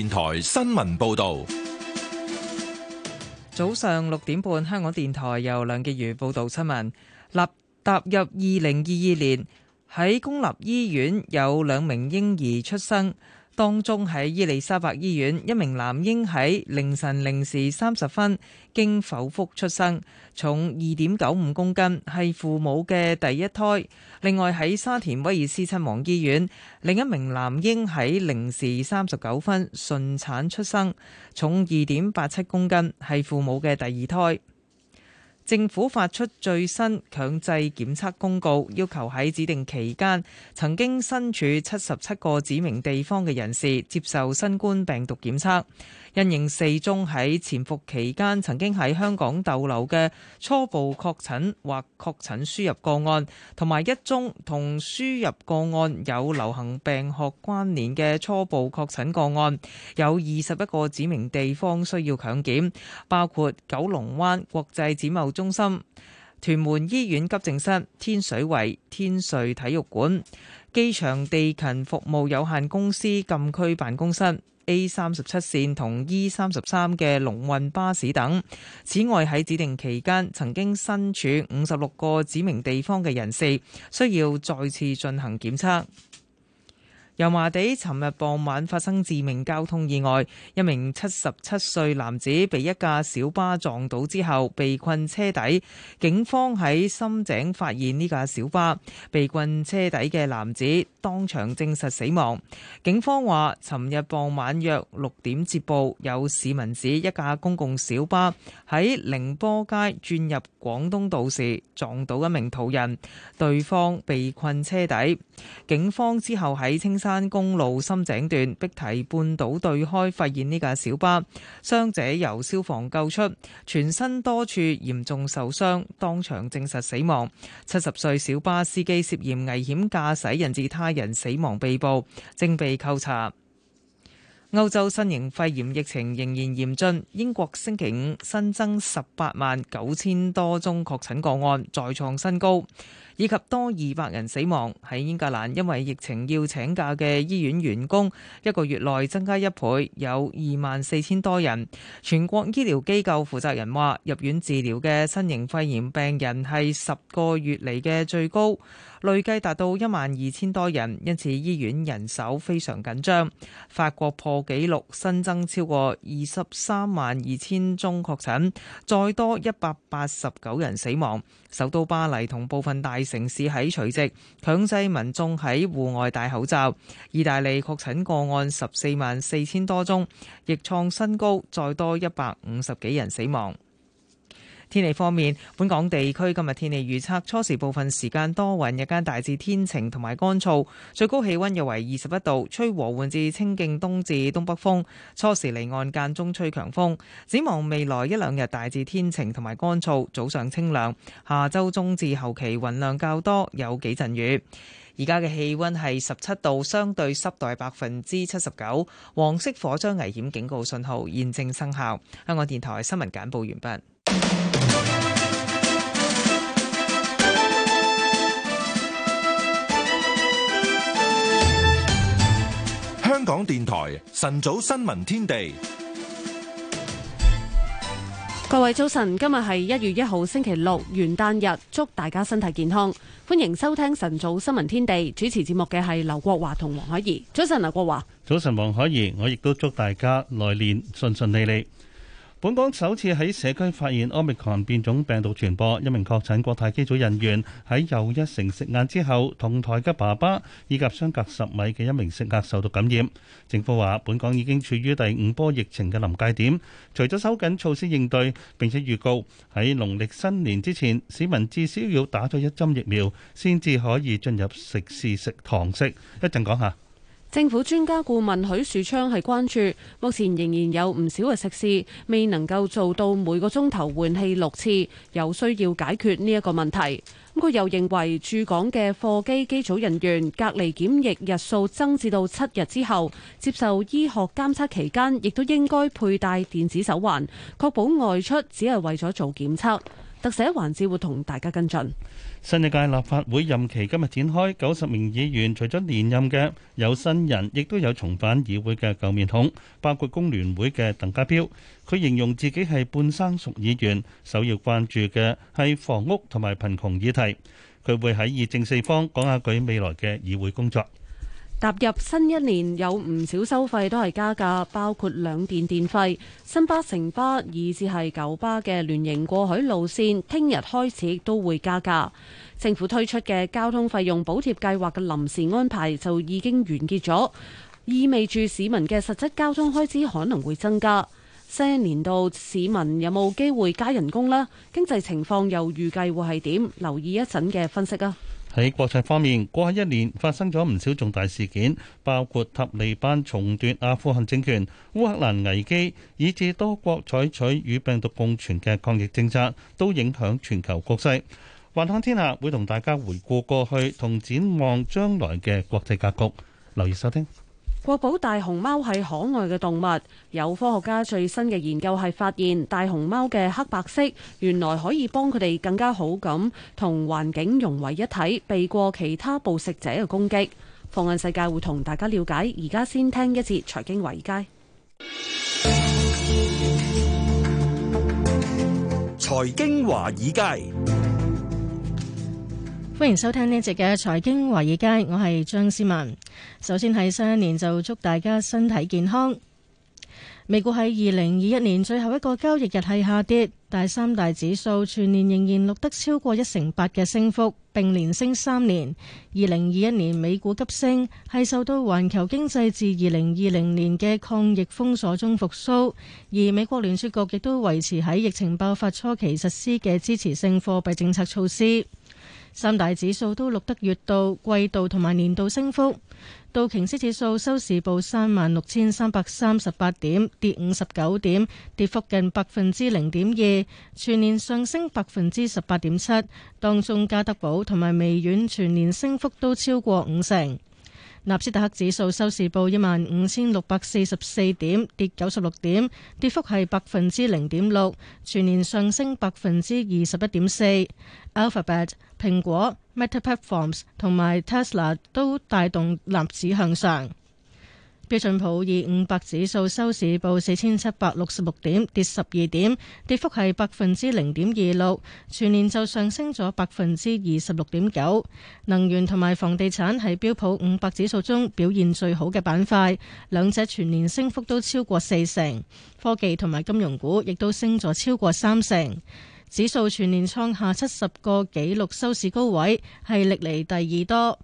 電台新聞報道：早上六點半，香港電台由梁潔如報道新聞。立踏入二零二二年，喺公立醫院有兩名嬰兒出生。當中喺伊利沙伯醫院，一名男嬰喺凌晨零時三十分經剖腹出生，重二點九五公斤，係父母嘅第一胎。另外喺沙田威爾斯親王醫院，另一名男嬰喺零時三十九分順產出生，重二點八七公斤，係父母嘅第二胎。政府發出最新強制檢測公告，要求喺指定期間曾經身處七十七個指明地方嘅人士接受新冠病毒檢測。因應四宗喺潛伏期間曾經喺香港逗留嘅初步確診或確診輸入個案，同埋一宗同輸入個案有流行病學關聯嘅初步確診個案，有二十一個指明地方需要強檢，包括九龍灣國際展貿中心、屯門醫院急症室、天水圍天瑞體育館、機場地勤服務有限公司禁區辦公室。A 三十七線同 E 三十三嘅龍運巴士等。此外，喺指定期間曾經身處五十六個指明地方嘅人士，需要再次進行檢測。油麻地尋日傍晚發生致命交通意外，一名七十七歲男子被一架小巴撞倒之後被困車底，警方喺深井發現呢架小巴，被困車底嘅男子當場證實死亡。警方話，尋日傍晚約六點接報，有市民指一架公共小巴喺寧波街轉入廣東道時撞到一名途人，對方被困車底，警方之後喺青山山公路深井段碧堤半島對開發現呢架小巴，傷者由消防救出，全身多處嚴重受傷，當場證實死亡。七十歲小巴司機涉嫌危險駕駛，引致他人死亡被捕，正被扣查。歐洲新型肺炎疫情仍然嚴峻，英國星期五新增十八萬九千多宗確診個案，再創新高。以及多二百人死亡。喺英格蘭，因為疫情要請假嘅醫院員工一個月內增加一倍，有二萬四千多人。全國醫療機構負責人話，入院治療嘅新型肺炎病人係十個月嚟嘅最高，累計達到一萬二千多人，因此醫院人手非常緊張。法國破紀錄，新增超過二十三萬二千宗確診，再多一百八十九人死亡。首都巴黎同部分大城市喺除夕強制民眾喺戶外戴口罩。意大利確診個案十四萬四千多宗，亦創新高，再多一百五十幾人死亡。天氣方面，本港地區今日天氣預測，初時部分時間多雲，日間大致天晴同埋乾燥，最高氣溫約為二十一度，吹和緩至清勁東至東北風。初時離岸間中吹強風。展望未來一兩日大致天晴同埋乾燥，早上清涼。下周中至後期雲量較多，有幾陣雨。而家嘅氣溫係十七度，相對濕度百分之七十九。黃色火災危險警告信號現正生效。香港電台新聞簡報完畢。港電台晨早新聞天地，各位早晨，今日係一月一號星期六元旦日，祝大家身體健康，歡迎收聽晨早新聞天地，主持節目嘅係劉國華同黃海怡。早晨，劉國華。早晨，黃海怡。我亦都祝大家來年順順利利。本港首次喺社區發現 Omicron 變種病毒傳播，一名確診國泰機組人員喺又一城食晏之後，同台嘅爸爸以及相隔十米嘅一名食客受到感染。政府話，本港已經處於第五波疫情嘅臨界點，除咗收緊措施應對，並且預告喺農曆新年之前，市民至少要打咗一針疫苗，先至可以進入食肆食堂食。一陣講下。政府專家顧問許樹昌係關注，目前仍然有唔少嘅食肆未能夠做到每個鐘頭換氣六次，有需要解決呢一個問題。咁佢又認為，駐港嘅貨機機組人員隔離檢疫日數增至到七日之後，接受醫學監測期間，亦都應該佩戴電子手環，確保外出只係為咗做檢測。特寫環節會同大家跟進。新一屆立法會任期今日展開，九十名議員除咗連任嘅有新人，亦都有重返議會嘅舊面孔，包括工聯會嘅鄧家彪，佢形容自己係半生熟議員，首要關注嘅係房屋同埋貧窮議題，佢會喺議政四方講下佢未來嘅議會工作。踏入新一年，有唔少收費都係加價，包括兩電電費、新巴、城巴以至係九巴嘅聯營過海路線，聽日開始都會加價。政府推出嘅交通費用補貼計劃嘅臨時安排就已經完結咗，意味住市民嘅實質交通開支可能會增加。新一年度市民有冇機會加人工呢？經濟情況又預計會係點？留意一陣嘅分析啊！喺國際方面，過去一年發生咗唔少重大事件，包括塔利班重奪阿富汗政權、烏克蘭危機，以至多國採取與病毒共存嘅抗疫政策，都影響全球局勢。寰漢天下會同大家回顧過去同展望將來嘅國際格局，留意收聽。國寶大熊貓係可愛嘅動物，有科學家最新嘅研究係發現，大熊貓嘅黑白色原來可以幫佢哋更加好咁同環境融為一體，避過其他捕食者嘅攻擊。放眼世界會同大家了解，而家先聽一節財經華爾街。財經華爾街。歡迎收聽呢一節嘅財經華爾街，我係張思文。首先喺新一年，就祝大家身體健康。美股喺二零二一年最後一個交易日係下跌，但係三大指數全年仍然錄得超過一成八嘅升幅，並連升三年。二零二一年美股急升係受到環球經濟自二零二零年嘅抗疫封鎖中復甦，而美國聯儲局亦都維持喺疫情爆發初期實施嘅支持性貨幣政策措施。三大指數都錄得月度、季度同埋年度升幅。道瓊斯指數收市報三萬六千三百三十八點，跌五十九點，跌幅近百分之零點二，全年上升百分之十八點七。當中加德寶同埋微軟全年升幅都超過五成。納斯達克指數收市報一萬五千六百四十四點，跌九十六點，跌幅係百分之零點六，全年上升百分之二十一點四。Alphabet、Alphabet、蘋果、Meta Platforms 同埋 Tesla 都帶動立指向上。標準普爾五百指數收市報四千七百六十六點，跌十二點，跌幅係百分之零點二六。全年就上升咗百分之二十六點九。能源同埋房地產係標普五百指數中表現最好嘅板塊，兩者全年升幅都超過四成。科技同埋金融股亦都升咗超過三成。指數全年創下七十個紀錄收市高位，係歷嚟第二多。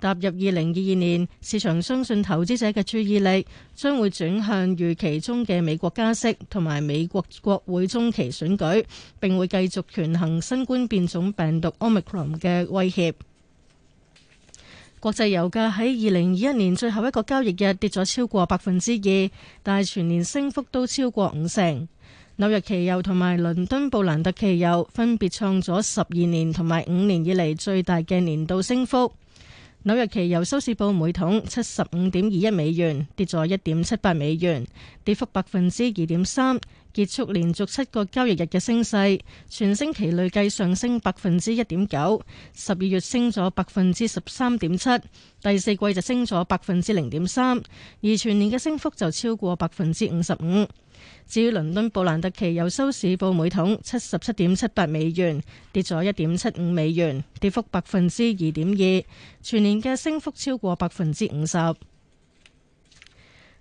踏入二零二二年，市場相信投資者嘅注意力將會轉向預期中嘅美國加息同埋美國國會中期選舉，並會繼續權衡新冠變種病毒 Omicron 嘅威脅。國際油價喺二零二一年最後一個交易日跌咗超過百分之二，但係全年升幅都超過五成。紐約期油同埋倫敦布蘭特期油分別創咗十二年同埋五年以嚟最大嘅年度升幅。紐約期油收市報每桶七十五點二一美元，跌咗一點七八美元，跌幅百分之二點三，結束連續七個交易日嘅升勢。全星期累計上升百分之一點九，十二月升咗百分之十三點七，第四季就升咗百分之零點三，而全年嘅升幅就超過百分之五十五。至於倫敦布蘭特期油收市報每桶七十七點七八美元，跌咗一點七五美元，跌幅百分之二點二。全年嘅升幅超過百分之五十。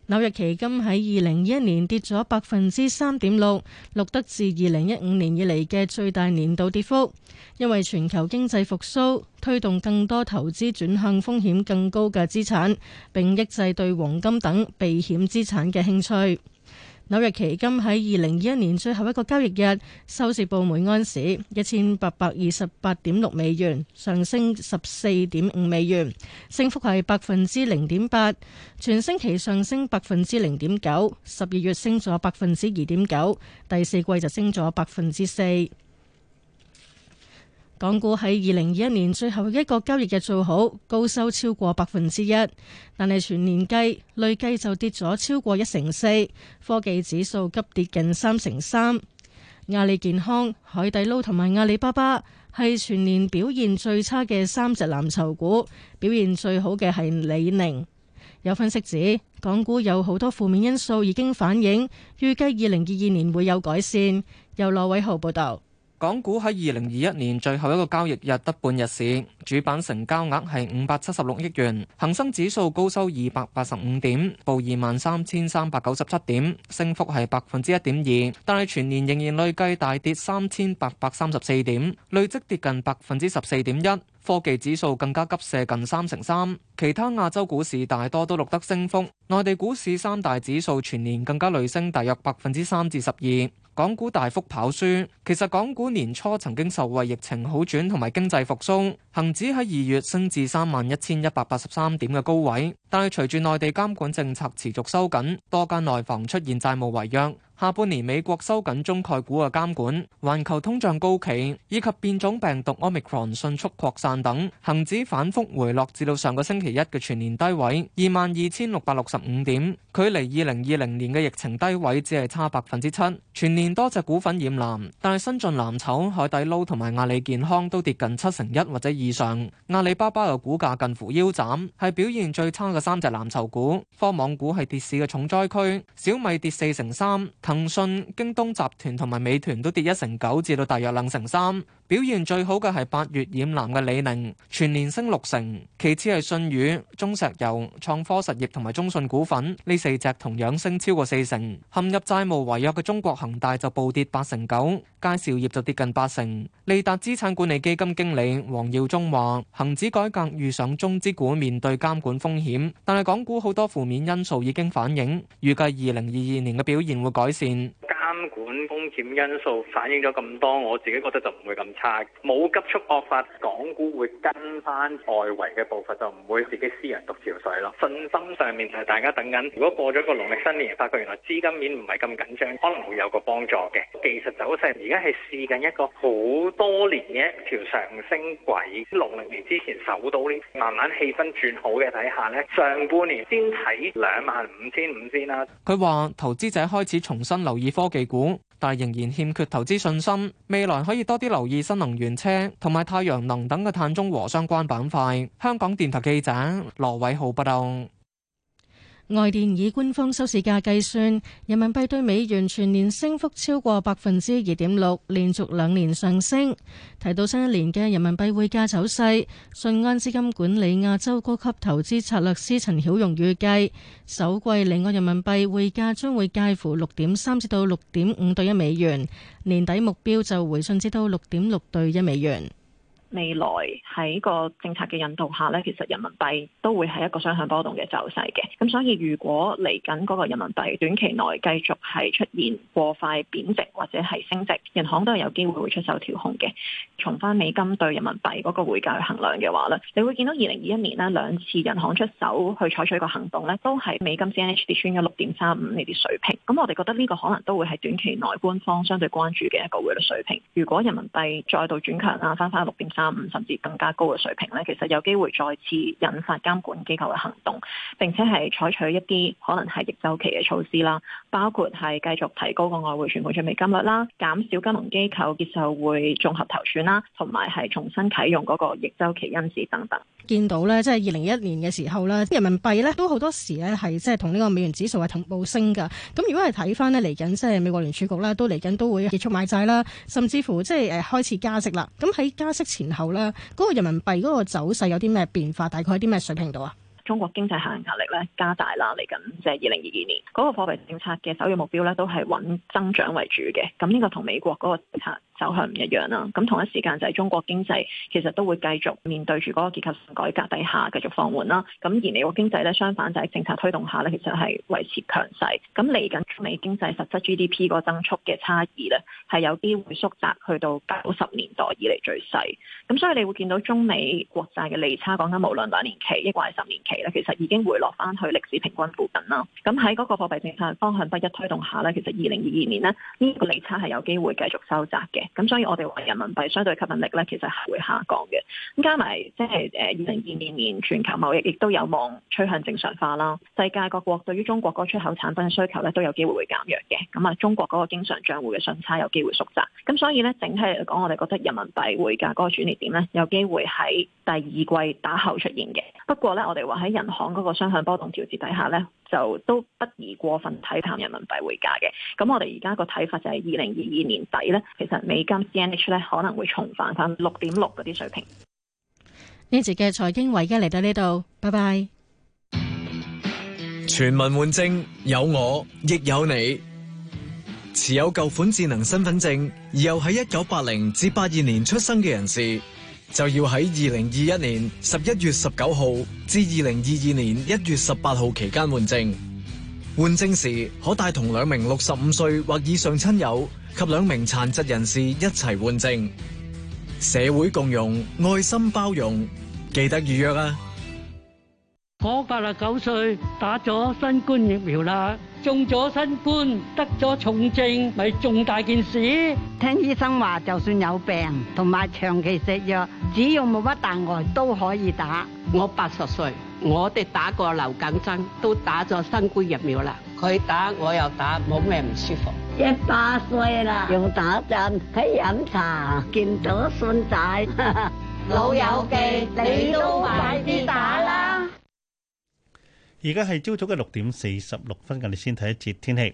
紐約期金喺二零二一年跌咗百分之三點六，錄得自二零一五年以嚟嘅最大年度跌幅。因為全球經濟復甦，推動更多投資轉向風險更高嘅資產，並抑制對黃金等避險資產嘅興趣。紐約期金喺二零二一年最後一個交易日收市報每安士一千八百二十八點六美元，上升十四點五美元，升幅係百分之零點八，全星期上升百分之零點九，十二月升咗百分之二點九，第四季就升咗百分之四。港股喺二零二一年最後一個交易日做好，高收超過百分之一，但係全年計累計就跌咗超過一成四。科技指數急跌近三成三，阿里健康、海底撈同埋阿里巴巴係全年表現最差嘅三隻藍籌股，表現最好嘅係李寧。有分析指，港股有好多負面因素已經反映，預計二零二二年會有改善。由羅偉浩報道。港股喺二零二一年最後一個交易日得半日市，主板成交額係五百七十六億元。恒生指數高收二百八十五點，報二萬三千三百九十七點，升幅係百分之一點二。但係全年仍然累計大跌三千八百三十四點，累積跌近百分之十四點一。科技指數更加急瀉近三成三。其他亞洲股市大多都錄得升幅，內地股市三大指數全年更加累升大約百分之三至十二。3. 港股大幅跑輸。其實港股年初曾經受惠疫情好轉同埋經濟復甦，恒指喺二月升至三萬一千一百八十三點嘅高位，但係隨住內地監管政策持續收緊，多間內房出現債務違約。下半年美國收緊中概股嘅監管，環球通脹高企，以及變種病毒 Omicron 迅速擴散等，恒指反覆回落至到上個星期一嘅全年低位二萬二千六百六十五點，距離二零二零年嘅疫情低位只係差百分之七。全年多隻股份染藍，但係新晉藍籌海底撈同埋阿里健康都跌近七成一或者以上。阿里巴巴嘅股價近乎腰斬，係表現最差嘅三隻藍籌股。科網股係跌市嘅重災區，小米跌四成三。騰訊、京東集團同埋美團都跌一成九至到大約兩成三。表現最好嘅係八月染藍嘅李寧，全年升六成。其次係信宇、中石油、創科實業同埋中信股份呢四隻同樣升超過四成。陷入債務違約嘅中國恒大就暴跌八成九，佳兆業就跌近八成。利達資產管理基金經理黃耀忠話：恒指改革遇上中資股面對監管風險，但係港股好多負面因素已經反映，預計二零二二年嘅表現會改善。監管風險因素反映咗咁多，我自己覺得就唔會咁差，冇急速惡化，港股會跟翻外圍嘅步伐，就唔會自己私人獨潮水咯。信心上面就係大家等緊，如果過咗個農曆新年，發覺原來資金面唔係咁緊張，可能會有個幫助嘅。技術走勢而家係試緊一個好多年嘅一條上升軌，農曆年之前守到呢，慢慢氣氛轉好嘅底下咧，上半年先睇兩萬五千五先啦。佢話投資者開始重新留意科技股，但仍然欠缺投資信心。未來可以多啲留意新能源車同埋太陽能等嘅碳中和相關板塊，香港電台記者羅偉浩報道。外電以官方收市價計算，人民幣兌美元全年升幅超過百分之二點六，連續兩年上升。提到新一年嘅人民幣匯價走勢，信安資金管理亞洲高級投資策略師陳曉榮預計，首季離岸人民幣匯價將會介乎六點三至到六點五兌一美元，年底目標就回升至到六點六兌一美元。未來喺個政策嘅引導下咧，其實人民幣都會係一個雙向波動嘅走勢嘅。咁所以如果嚟緊嗰個人民幣短期內繼續係出現過快貶值或者係升值，銀行都係有機會會出手調控嘅。重翻美金對人民幣嗰個匯價去衡量嘅話咧，你會見到二零二一年呢兩次人行出手去採取一個行動咧，都係美金 C、N、H 跌穿咗六點三五呢啲水平。咁我哋覺得呢個可能都會係短期內官方相對關注嘅一個匯率水平。如果人民幣再度轉強啊，翻翻六點三三五甚至更加高嘅水平咧，其實有機會再次引發監管機構嘅行動，並且係採取一啲可能係逆週期嘅措施啦，包括係繼續提高個外匯存款準備金率啦，減少金融機構結售匯綜合頭寸啦，同埋係重新啟用嗰個逆週期因子等等。見到咧，即係二零一年嘅時候咧，人民幣咧都好多時咧係即係同呢個美元指數係同步升噶。咁如果係睇翻呢嚟緊，即係美國聯儲局啦，都嚟緊都會結束買債啦，甚至乎即係誒開始加息啦。咁喺加息前。後咧，嗰個人民幣個走勢有啲咩變化？大概喺啲咩水平度啊？中國經濟下行壓力咧加大啦，嚟緊即係二零二二年嗰個貨幣政策嘅首要目標咧，都係穩增長為主嘅。咁呢個同美國嗰個政策走向唔一樣啦。咁同一時間就係中國經濟其實都會繼續面對住嗰個結構性改革底下繼續放緩啦。咁而美國經濟咧相反就係政策推動下咧，其實係維持強勢。咁嚟緊中美經濟實質 GDP 個增速嘅差異咧，係有啲會縮窄，去到九十年代以嚟最細。咁所以你會見到中美國債嘅利差，講緊無論兩年期亦或係十年期。其實已經回落翻去歷史平均附近啦。咁喺嗰個貨幣政策方向不一推動下呢，其實二零二二年呢，呢個利差係有機會繼續收窄嘅。咁所以，我哋話人民幣相對吸引力呢，其實係會下降嘅。咁加埋即係誒二零二二年全球貿易亦都有望趨向正常化啦。世界各國對於中國嗰出口產品嘅需求呢，都有機會會減弱嘅。咁啊，中國嗰個經常帳戶嘅順差有機會縮窄。咁所以呢，整體嚟講，我哋覺得人民幣匯價嗰個轉捩點呢，有機會喺第二季打後出現嘅。不過呢，我哋話喺人行嗰個雙向波動調節底下咧，就都不宜過分睇淡人民幣匯價嘅。咁我哋而家個睇法就係二零二二年底咧，其實美金 CNH 咧可能會重返翻六點六嗰啲水平。呢節嘅財經維嘉嚟到呢度，拜拜。全民換證，有我亦有你。持有舊款智能身份證，而又喺一九八零至八二年出生嘅人士。就要喺二零二一年十一月十九號至二零二二年一月十八號期間換證，換證時可帶同兩名六十五歲或以上親友及兩名殘疾人士一齊換證。社會共融，愛心包容，記得預約啊！我八十九歲，打咗新冠疫苗啦，中咗新冠，得咗重症，咪重大件事。聽醫生話，就算有病同埋長期食藥，只要冇乜大礙都可以打。我八十歲，我哋打過流感針，都打咗新冠疫苗啦。佢打，我又打，冇咩唔舒服。一百歲啦，又打針，喺飲茶，見到孫仔，老友記，你都快啲打啦！而家係朝早嘅六點四十六分，我哋先睇一節天氣。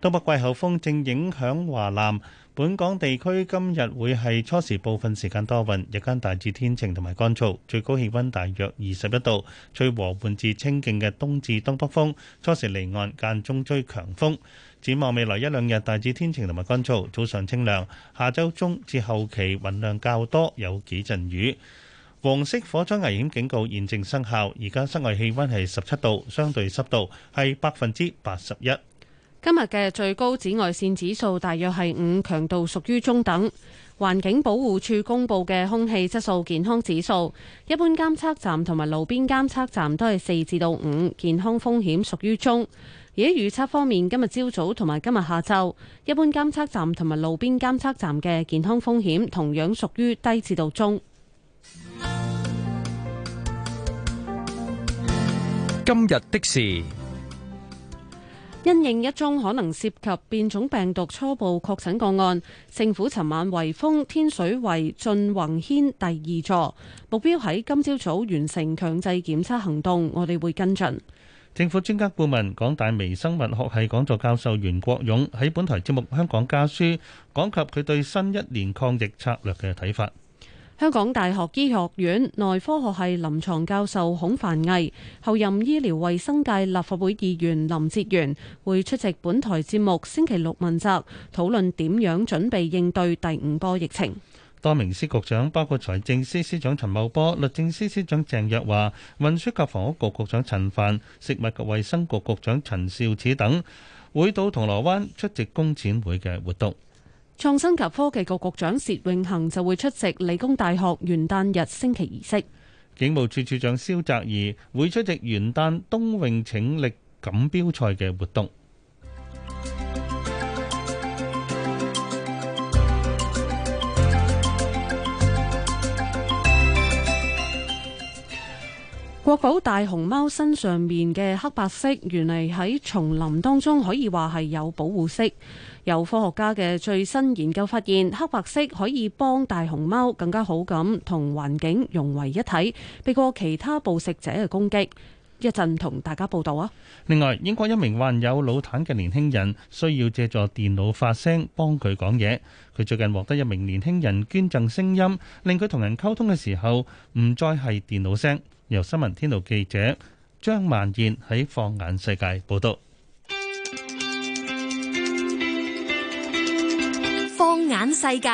東北季候風正影響華南本港地區，今日會係初時部分時間多雲，日間大致天晴同埋乾燥，最高氣溫大約二十一度。吹和緩至清勁嘅東至東北風，初時離岸間中吹強風。展望未來一兩日，大致天晴同埋乾燥，早上清涼，下週中至後期雲量較多，有幾陣雨。黃色火災危險警告現正生效，而家室外氣溫係十七度，相對濕度係百分之八十一。今日嘅最高紫外線指數大約係五，強度屬於中等。環境保護署公布嘅空氣質素健康指數，一般監測站同埋路邊監測站都係四至到五，健康風險屬於中。而喺預測方面，今日朝早同埋今日下晝，一般監測站同埋路邊監測站嘅健康風險同樣屬於低至到中。今日的事，因應一宗可能涉及變種病毒初步確診個案，政府尋晚圍封天水圍俊宏軒第二座，目標喺今朝早完成強制檢測行動。我哋會跟進。政府專家顧問、港大微生物學系講座教授袁國勇喺本台節目《香港家書》講及佢對新一年抗疫策略嘅睇法。香港大學醫學院內科學系臨床教授孔凡毅，後任醫療衛生界立法會議員林哲元會出席本台節目星期六問責，討論點樣準備應對第五波疫情。多名司局長，包括財政司司長陳茂波、律政司司長鄭若驊、運輸及房屋局局長陳帆、食物及衛生局局長陳肇始等，會到銅鑼灣出席工展會嘅活動。創新及科技局局長薛永恒就會出席理工大學元旦日升旗儀式，警務處處長蕭澤頤會出席元旦冬泳請力錦標賽嘅活動。國寶大熊貓身上面嘅黑白色，原嚟喺叢林當中可以話係有保護色。有科學家嘅最新研究發現，黑白色可以幫大熊貓更加好咁同環境融為一體，避過其他捕食者嘅攻擊。一陣同大家報道啊！另外，英國一名患有腦癱嘅年輕人需要借助電腦發聲幫佢講嘢。佢最近獲得一名年輕人捐贈聲音，令佢同人溝通嘅時候唔再係電腦聲。由新聞天地記者張萬燕喺《放眼世界》報道。《放眼世界》，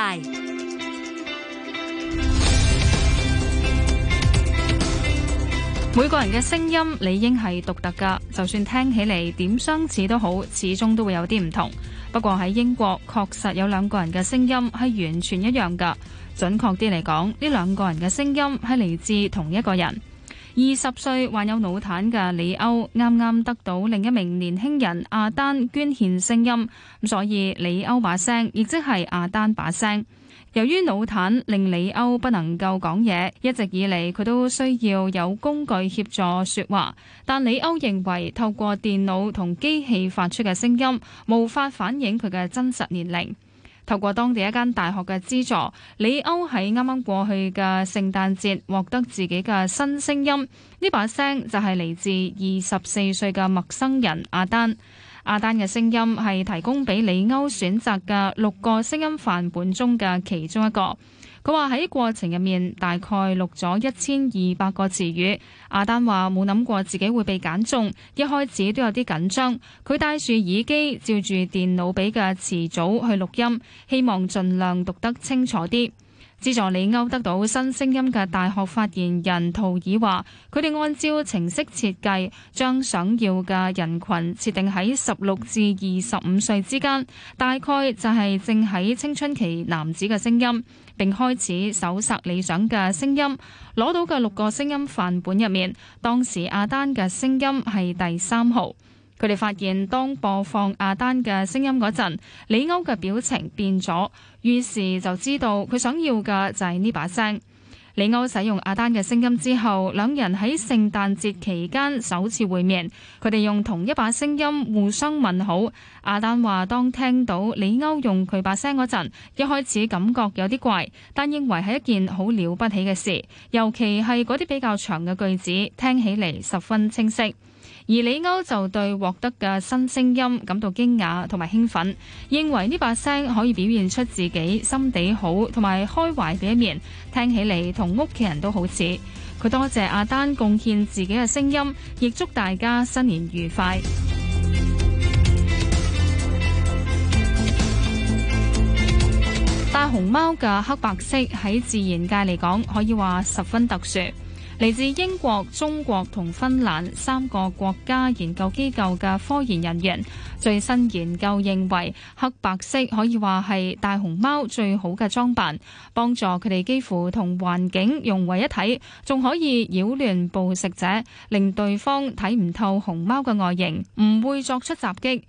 每個人嘅聲音理應係獨特噶，就算聽起嚟點相似都好，始終都會有啲唔同。不過喺英國，確實有兩個人嘅聲音係完全一樣噶。準確啲嚟講，呢兩個人嘅聲音係嚟自同一個人。二十歲患有腦癱嘅李歐，啱啱得到另一名年輕人阿丹捐獻聲音，所以李歐把聲，亦即係阿丹把聲。由於腦癱令李歐不能夠講嘢，一直以嚟，佢都需要有工具協助說話，但李歐認為透過電腦同機器發出嘅聲音，無法反映佢嘅真實年齡。透過當地一間大學嘅資助，李歐喺啱啱過去嘅聖誕節獲得自己嘅新聲音。呢把聲就係嚟自二十四歲嘅陌生人阿丹。阿丹嘅聲音係提供俾李歐選擇嘅六個聲音範本中嘅其中一個。佢話喺過程入面大概錄咗一千二百個詞語，阿丹話冇諗過自己會被揀中，一開始都有啲緊張，佢戴住耳機照住電腦俾嘅詞組去錄音，希望盡量讀得清楚啲。資助李歐得到新聲音嘅大學發言人陶爾話，佢哋按照程式設計將想要嘅人群設定喺十六至二十五歲之間，大概就係正喺青春期男子嘅聲音。並開始搜索理想嘅聲音，攞到嘅六個聲音範本入面，當時阿丹嘅聲音係第三號。佢哋發現當播放阿丹嘅聲音嗰陣，李歐嘅表情變咗，於是就知道佢想要嘅就係呢把聲。李歐使用阿丹嘅聲音之後，兩人喺聖誕節期間首次會面。佢哋用同一把聲音互相問好。阿丹話：當聽到李歐用佢把聲嗰陣，一開始感覺有啲怪，但認為係一件好了不起嘅事，尤其係嗰啲比較長嘅句子，聽起嚟十分清晰。而李歐就對獲得嘅新聲音感到驚訝同埋興奮，認為呢把聲可以表現出自己心地好同埋開懷嘅一面，聽起嚟同屋企人都好似。佢多謝阿丹貢獻自己嘅聲音，亦祝大家新年愉快。大熊貓嘅黑白色喺自然界嚟講，可以話十分特殊。嚟自英國、中國同芬蘭三個國家研究機構嘅科研人員最新研究認為，黑白色可以話係大熊貓最好嘅裝扮，幫助佢哋幾乎同環境融為一體，仲可以擾亂捕食者，令對方睇唔透熊貓嘅外形，唔會作出襲擊。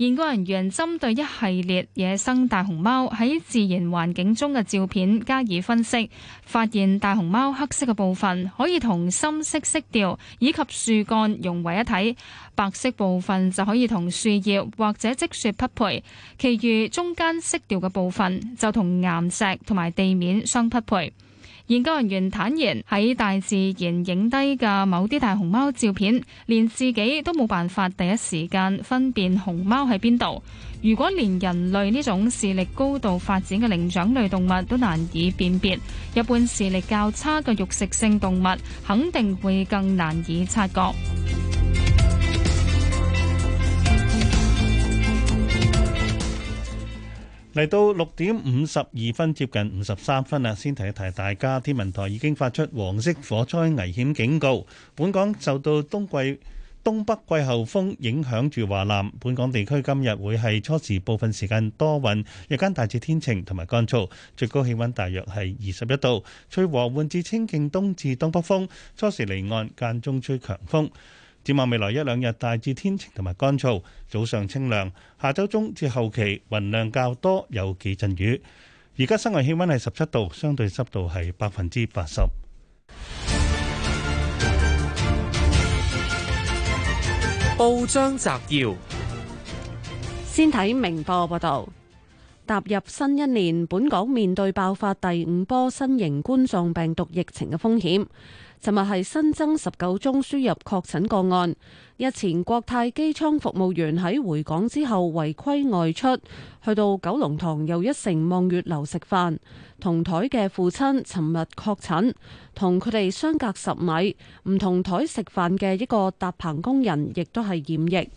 研究人員針對一系列野生大熊貓喺自然環境中嘅照片加以分析，發現大熊貓黑色嘅部分可以同深色色調以及樹幹融為一體，白色部分就可以同樹葉或者積雪匹配，其餘中間色調嘅部分就同岩石同埋地面相匹配。研究人員坦言，喺大自然影低嘅某啲大熊貓照片，連自己都冇辦法第一時間分辨熊貓喺邊度。如果連人類呢種視力高度發展嘅靈長類動物都難以辨別，一般視力較差嘅肉食性動物肯定會更難以察覺。嚟到六點五十二分，接近五十三分啦，先提一提大家。天文台已經發出黃色火災危險警告。本港受到冬季東北季候風影響，住華南本港地區今日會係初時部分時間多雲，日間大致天晴同埋乾燥，最高氣温大約係二十一度。吹和緩至清勁東至東北風，初時離岸間中吹強風。展望未來一兩日，大致天晴同埋乾燥，早上清涼。下周中至後期雲量較多，有幾陣雨。而家室外氣溫係十七度，相對濕度係百分之八十。報章摘要，先睇明報報道。踏入新一年，本港面對爆發第五波新型冠狀病毒疫情嘅風險。尋日係新增十九宗輸入確診個案。日前，國泰機艙服務員喺回港之後違規外出，去到九龍塘又一城望月樓食飯，同台嘅父親尋日確診，同佢哋相隔十米，唔同台食飯嘅一個搭棚工人亦都係染疫。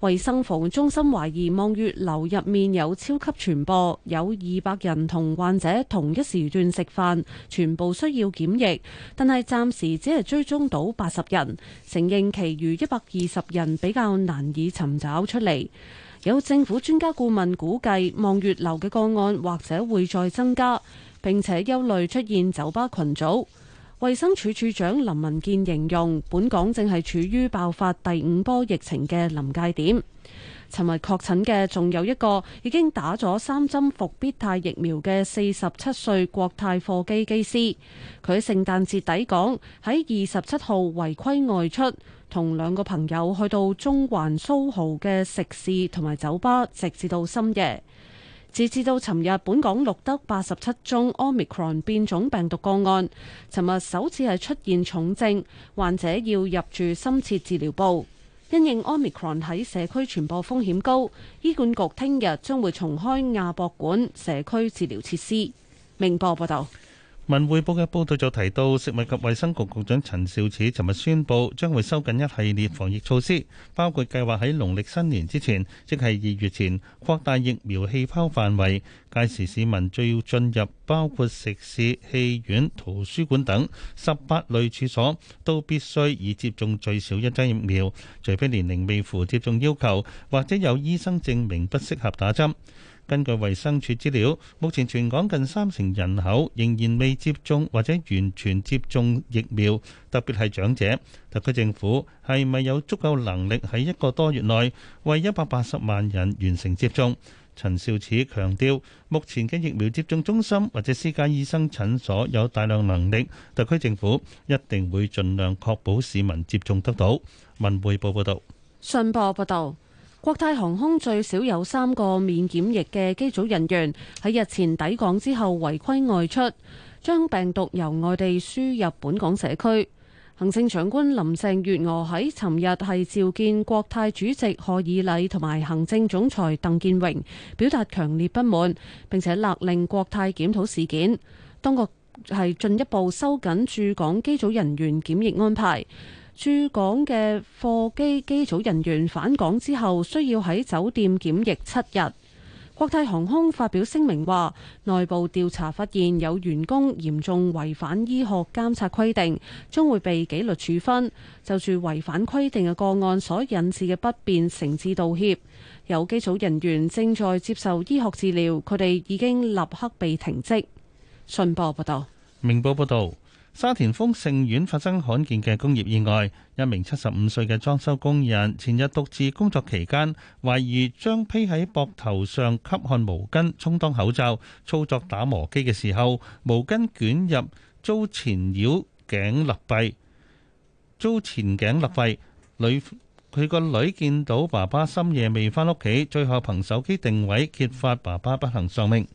衛生防護中心懷疑望月樓入面有超級傳播，有二百人同患者同一時段食飯，全部需要檢疫，但係暫時只係追蹤到八十人，承認其餘一百二十人比較難以尋找出嚟。有政府專家顧問估計，望月樓嘅個案或者會再增加，並且憂慮出現酒吧群組。衛生署署長林文健形容，本港正係處於爆發第五波疫情嘅臨界點。尋日確診嘅仲有一個，已經打咗三針復必泰疫苗嘅四十七歲國泰貨機機師，佢喺聖誕節抵港，喺二十七號違規外出，同兩個朋友去到中環蘇豪嘅食肆同埋酒吧，直至到深夜。截至到尋日本港錄得八十七宗 Omicron 變種病毒個案，尋日首次係出現重症患者要入住深切治療部。因應 Omicron 喺社區傳播風險高，醫管局聽日將會重開亞博館社區治療設施。明報報道。文匯報嘅報道就提到，食物及衛生局局長陳肇始尋日宣布，將會收緊一系列防疫措施，包括計劃喺農曆新年之前，即係二月前，擴大疫苗氣泡範圍，屆時市民最要進入包括食肆、戲院、圖書館等十八類處所，都必須已接種最少一劑疫苗，除非年齡未符接種要求，或者有醫生證明不適合打針。根據衛生署資料，目前全港近三成人口仍然未接種或者完全接種疫苗，特別係長者。特區政府係咪有足夠能力喺一個多月內為一百八十萬人完成接種？陳肇始強調，目前嘅疫苗接種中心或者私家醫生診所有大量能力，特區政府一定會盡量確保市民接種得到。文匯報報導。信報報道。國泰航空最少有三個免檢疫嘅機組人員喺日前抵港之後違規外出，將病毒由外地輸入本港社區。行政長官林鄭月娥喺尋日係召見國泰主席賀以禮同埋行政總裁鄧建榮，表達強烈不滿，並且勒令國泰檢討事件，當局係進一步收緊駐港機組人員檢疫安排。駐港嘅貨機機組人員返港之後，需要喺酒店檢疫七日。國泰航空發表聲明話，內部調查發現有員工嚴重違反醫學監察規定，將會被紀律處分。就住違反規定嘅個案所引致嘅不便，誠摯道歉。有機組人員正在接受醫學治療，佢哋已經立刻被停職。信報報道，明報報道。沙田豐盛苑發生罕見嘅工業意外，一名七十五歲嘅裝修工人前日獨自工作期間，懷疑將披喺膊頭上吸汗毛巾充當口罩，操作打磨機嘅時候，毛巾捲入遭纏繞頸勒斃，遭纏頸勒斃。女，佢個女見到爸爸深夜未返屋企，最後憑手機定位揭發爸爸不幸喪命。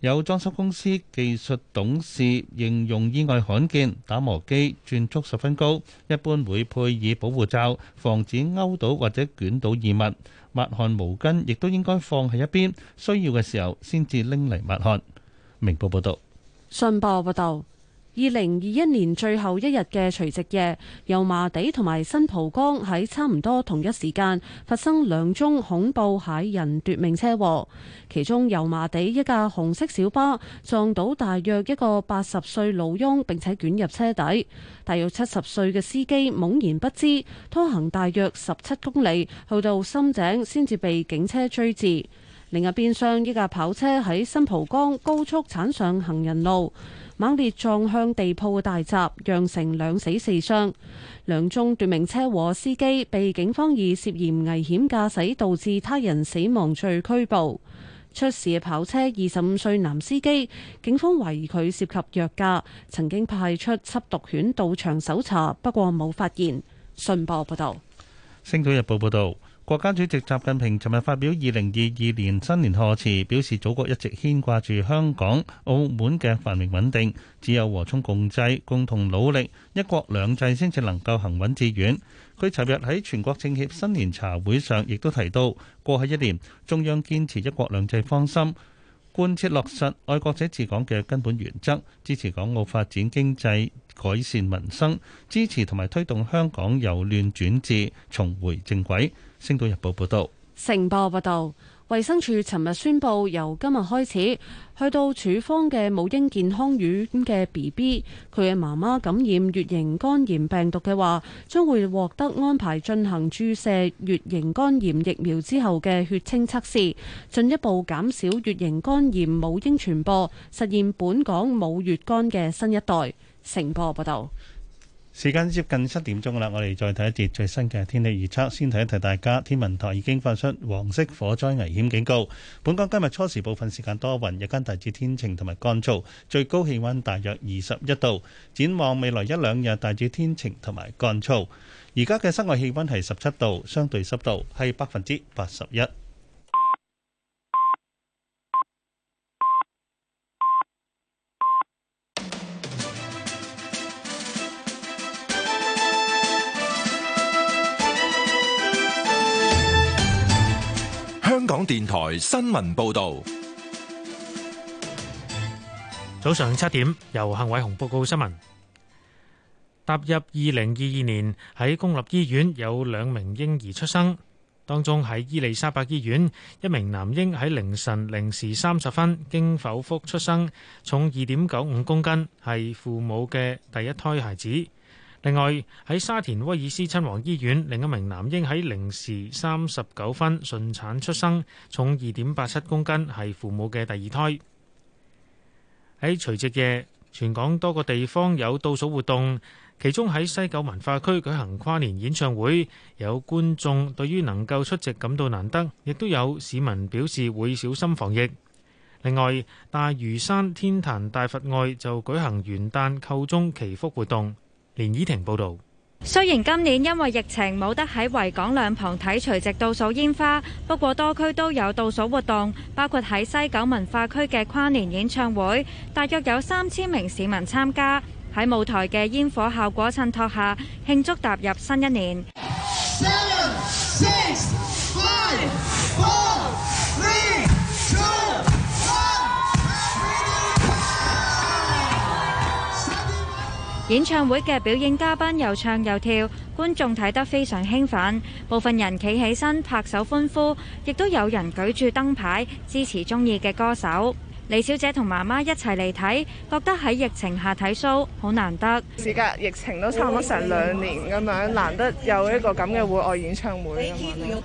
有裝修公司技術董事形容意外罕見，打磨機轉速十分高，一般會配以保護罩，防止勾到或者捲到異物。抹汗毛巾亦都應該放喺一邊，需要嘅時候先至拎嚟抹汗。明報報道，信報報道。二零二一年最後一日嘅除夕夜，油麻地同埋新蒲崗喺差唔多同一時間發生兩宗恐怖蟹人奪命車禍。其中油麻地一架紅色小巴撞到大約一個八十歲老翁，並且捲入車底。大約七十歲嘅司機懵然不知，拖行大約十七公里，去到深井先至被警車追至。另一邊廂，一架跑車喺新蒲崗高速鏟上行人路，猛烈撞向地鋪大閘，釀成兩死四傷。兩宗奪命車禍，司機被警方以涉嫌危險駕駛導致他人死亡罪拘捕。出事嘅跑車，二十五歲男司機，警方懷疑佢涉及藥駕，曾經派出緝毒犬到場搜查，不過冇發現。信報報道，《星島日報》報道。國家主席習近平尋日發表二零二二年新年賀詞，表示祖國一直牽掛住香港、澳門嘅繁榮穩定，只有和衷共濟，共同努力，一國兩制先至能夠行穩致遠。佢尋日喺全國政協新年茶會上，亦都提到過去一年，中央堅持一國兩制方針，貫徹落實愛國者治港嘅根本原則，支持港澳發展經濟、改善民生，支持同埋推動香港由亂轉治，重回正軌。星島日報報道，成報報道，衛生署尋日宣布，由今日開始，去到處方嘅母嬰健康院嘅 B B，佢嘅媽媽感染乙型肝炎病毒嘅話，將會獲得安排進行注射乙型肝炎疫苗之後嘅血清測試，進一步減少乙型肝炎母嬰傳播，實現本港冇乙肝嘅新一代。成報報道。時間接近七點鐘啦，我哋再睇一節最新嘅天氣預測。先睇一睇大家，天文台已經發出黃色火災危險警告。本港今日初時部分時間多雲，日間大致天晴同埋乾燥，最高氣温大約二十一度。展望未來一兩日，大致天晴同埋乾燥。而家嘅室外氣温係十七度，相對濕度係百分之八十一。香港電台新聞報道，早上七點由幸偉雄報告新聞。踏入二零二二年喺公立醫院有兩名嬰兒出生，當中喺伊利沙伯醫院一名男嬰喺凌晨零時三十分經剖腹出生，重二點九五公斤，係父母嘅第一胎孩子。另外，喺沙田威爾斯親王醫院，另一名男嬰喺零時三十九分順產出生，重二點八七公斤，係父母嘅第二胎。喺除夕夜，全港多個地方有倒數活動，其中喺西九文化區舉行跨年演唱會，有觀眾對於能夠出席感到難得，亦都有市民表示會小心防疫。另外，大嶼山天壇大佛外就舉行元旦叩鐘祈福活動。連依婷報道，雖然今年因為疫情冇得喺維港兩旁睇垂直倒數煙花，不過多區都有倒數活動，包括喺西九文化區嘅跨年演唱會，大約有三千名市民參加，喺舞台嘅煙火效果襯托下，慶祝踏入新一年。 演唱會嘅表演，嘉賓又唱又跳，觀眾睇得非常興奮，部分人企起身拍手歡呼，亦都有人舉住燈牌支持中意嘅歌手。李小姐同媽媽一齊嚟睇，覺得喺疫情下睇 show 好難得。時隔疫情都差唔多成兩年咁樣，難得有一個咁嘅戶外演唱會。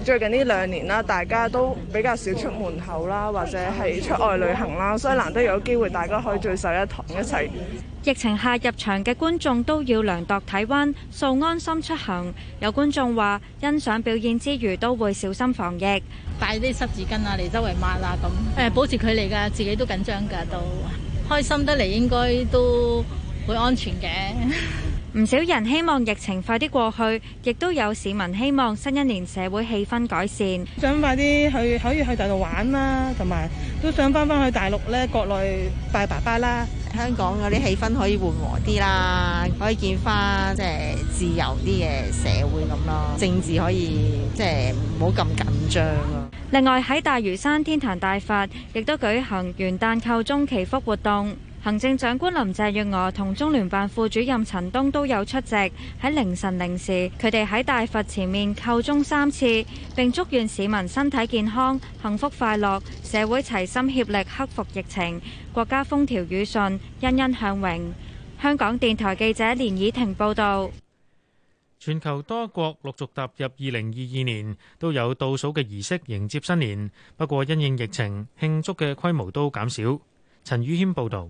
最近呢兩年啦，大家都比較少出門口啦，或者係出外旅行啦，所以難得有機會大家可以聚首一堂一齊。疫情下入場嘅觀眾都要量度體温，掃安心出行。有觀眾話：欣賞表演之餘，都會小心防疫，帶啲濕紙巾啊嚟周圍抹啦咁。誒，保持距離㗎，自己都緊張㗎都。開心得嚟應該都會安全嘅。唔 少人希望疫情快啲過去，亦都有市民希望新一年社會氣氛改善。想快啲去可以去大陸玩啦，同埋都想返返去大陸咧，國內拜爸爸啦。香港嗰啲氣氛可以緩和啲啦，可以見翻即係自由啲嘅社會咁咯，政治可以即係唔好咁緊張啊。另外喺大嶼山天壇大佛亦都舉行元旦購鐘祈福活動。行政長官林鄭月娥同中聯辦副主任陳東都有出席。喺凌晨零時，佢哋喺大佛前面叩鐘三次，並祝願市民身體健康、幸福快樂、社會齊心協力克服疫情、國家風調雨順、欣欣向榮。香港電台記者連以婷報導。全球多國陸續踏入二零二二年，都有倒數嘅儀式迎接新年。不過因應疫情，慶祝嘅規模都減少。陳宇軒報導。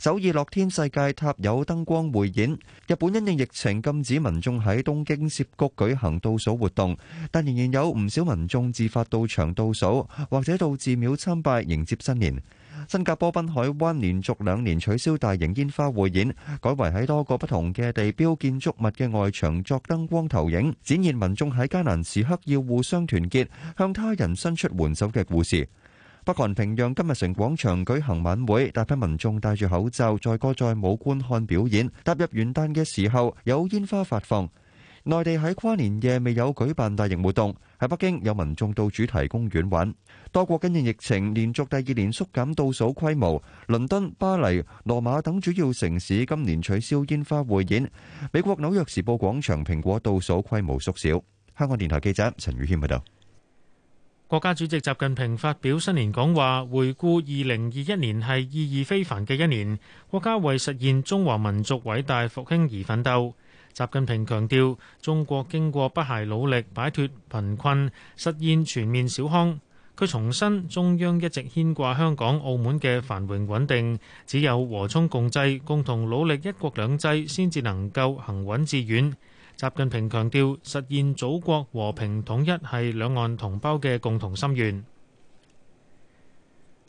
首爾樂天世界塔有燈光匯演，日本因應疫情禁止民眾喺東京涉谷舉行倒數活動，但仍然有唔少民眾自發到場倒數，或者到寺廟參拜迎接新年。新加坡濱海灣連續兩年取消大型煙花匯演，改為喺多個不同嘅地標建築物嘅外牆作燈光投影，展現民眾喺艱難時刻要互相團結，向他人伸出援手嘅故事。北韓平壤今日成廣場舉行晚會，大批民眾戴住口罩，載歌載舞觀看表演。踏入元旦嘅時候有煙花發放。內地喺跨年夜未有舉辦大型活動。喺北京有民眾到主題公園玩。多國近年疫情連續第二年縮減倒數規模。倫敦、巴黎、羅馬等主要城市今年取消煙花匯演。美國紐約時報廣場蘋果倒數規模縮小。香港電台記者陳宇軒報道。國家主席習近平發表新年講話，回顧二零二一年係意義非凡嘅一年，國家為實現中華民族偉大復興而奮鬥。習近平強調，中國經過不懈努力，擺脫貧困，實現全面小康。佢重申，中央一直牽掛香港、澳門嘅繁榮穩定，只有和衷共濟，共同努力，一國兩制先至能夠行穩致遠。習近平強調，實現祖國和平統一係兩岸同胞嘅共同心願。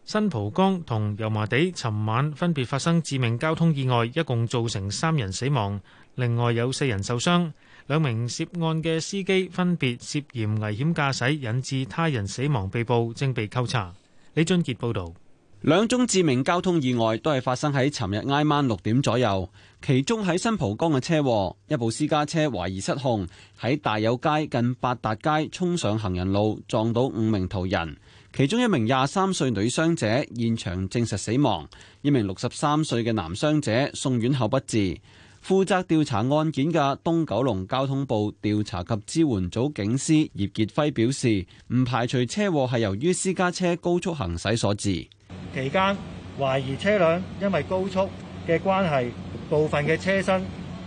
新蒲江同油麻地尋晚分別發生致命交通意外，一共造成三人死亡，另外有四人受傷。兩名涉案嘅司機分別涉嫌危險駕駛引致他人死亡被捕，正被扣查。李俊傑報道。兩宗致命交通意外都係發生喺尋日挨晚六點左右。其中喺新蒲崗嘅車禍，一部私家車懷疑失控喺大有街近八達街衝上行人路，撞到五名途人。其中一名廿三歲女傷者現場證實死亡，一名六十三歲嘅男傷者送院後不治。負責調查案件嘅東九龍交通部調查及支援組警司葉傑輝表示，唔排除車禍係由於私家車高速行駛所致。期間，懷疑車輛因為高速嘅關係，部分嘅車身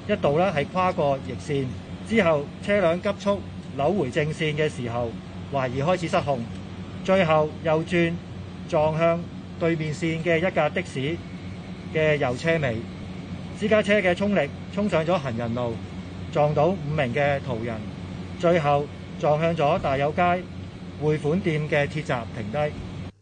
一度咧係跨過逆線，之後車輛急速扭回正線嘅時候，懷疑開始失控，最後右轉撞向對面線嘅一架的士嘅右車尾，私家車嘅衝力衝上咗行人路，撞到五名嘅途人，最後撞向咗大有街匯款店嘅鐵閘停低。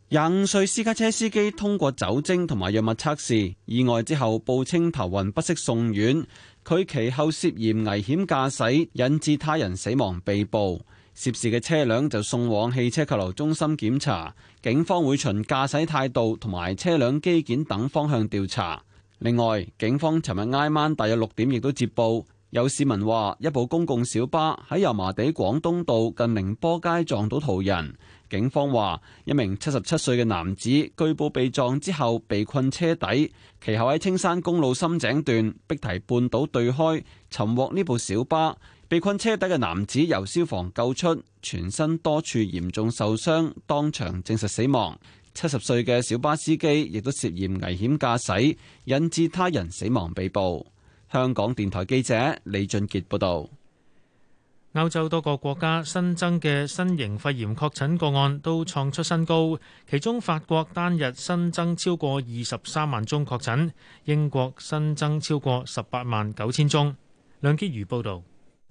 廿五歲私家車司機通過酒精同埋藥物測試，意外之後報稱頭暈不適送院。佢其後涉嫌危險駕駛，引致他人死亡，被捕。涉事嘅車輛就送往汽車扣留中心檢查。警方會循駕駛態度同埋車輛機件等方向調查。另外，警方尋日挨晚大約六點亦都接報，有市民話一部公共小巴喺油麻地廣東道近寧波街撞到途人。警方話，一名七十七歲嘅男子據報被撞之後被困車底，其後喺青山公路深井段碧堤半島對開尋獲呢部小巴。被困車底嘅男子由消防救出，全身多處嚴重受傷，當場證實死亡。七十歲嘅小巴司機亦都涉嫌危險駕駛，引致他人死亡被捕。香港電台記者李俊傑報道。歐洲多個國家新增嘅新型肺炎確診個案都創出新高，其中法國單日新增超過二十三萬宗確診，英國新增超過十八萬九千宗。梁潔如報道。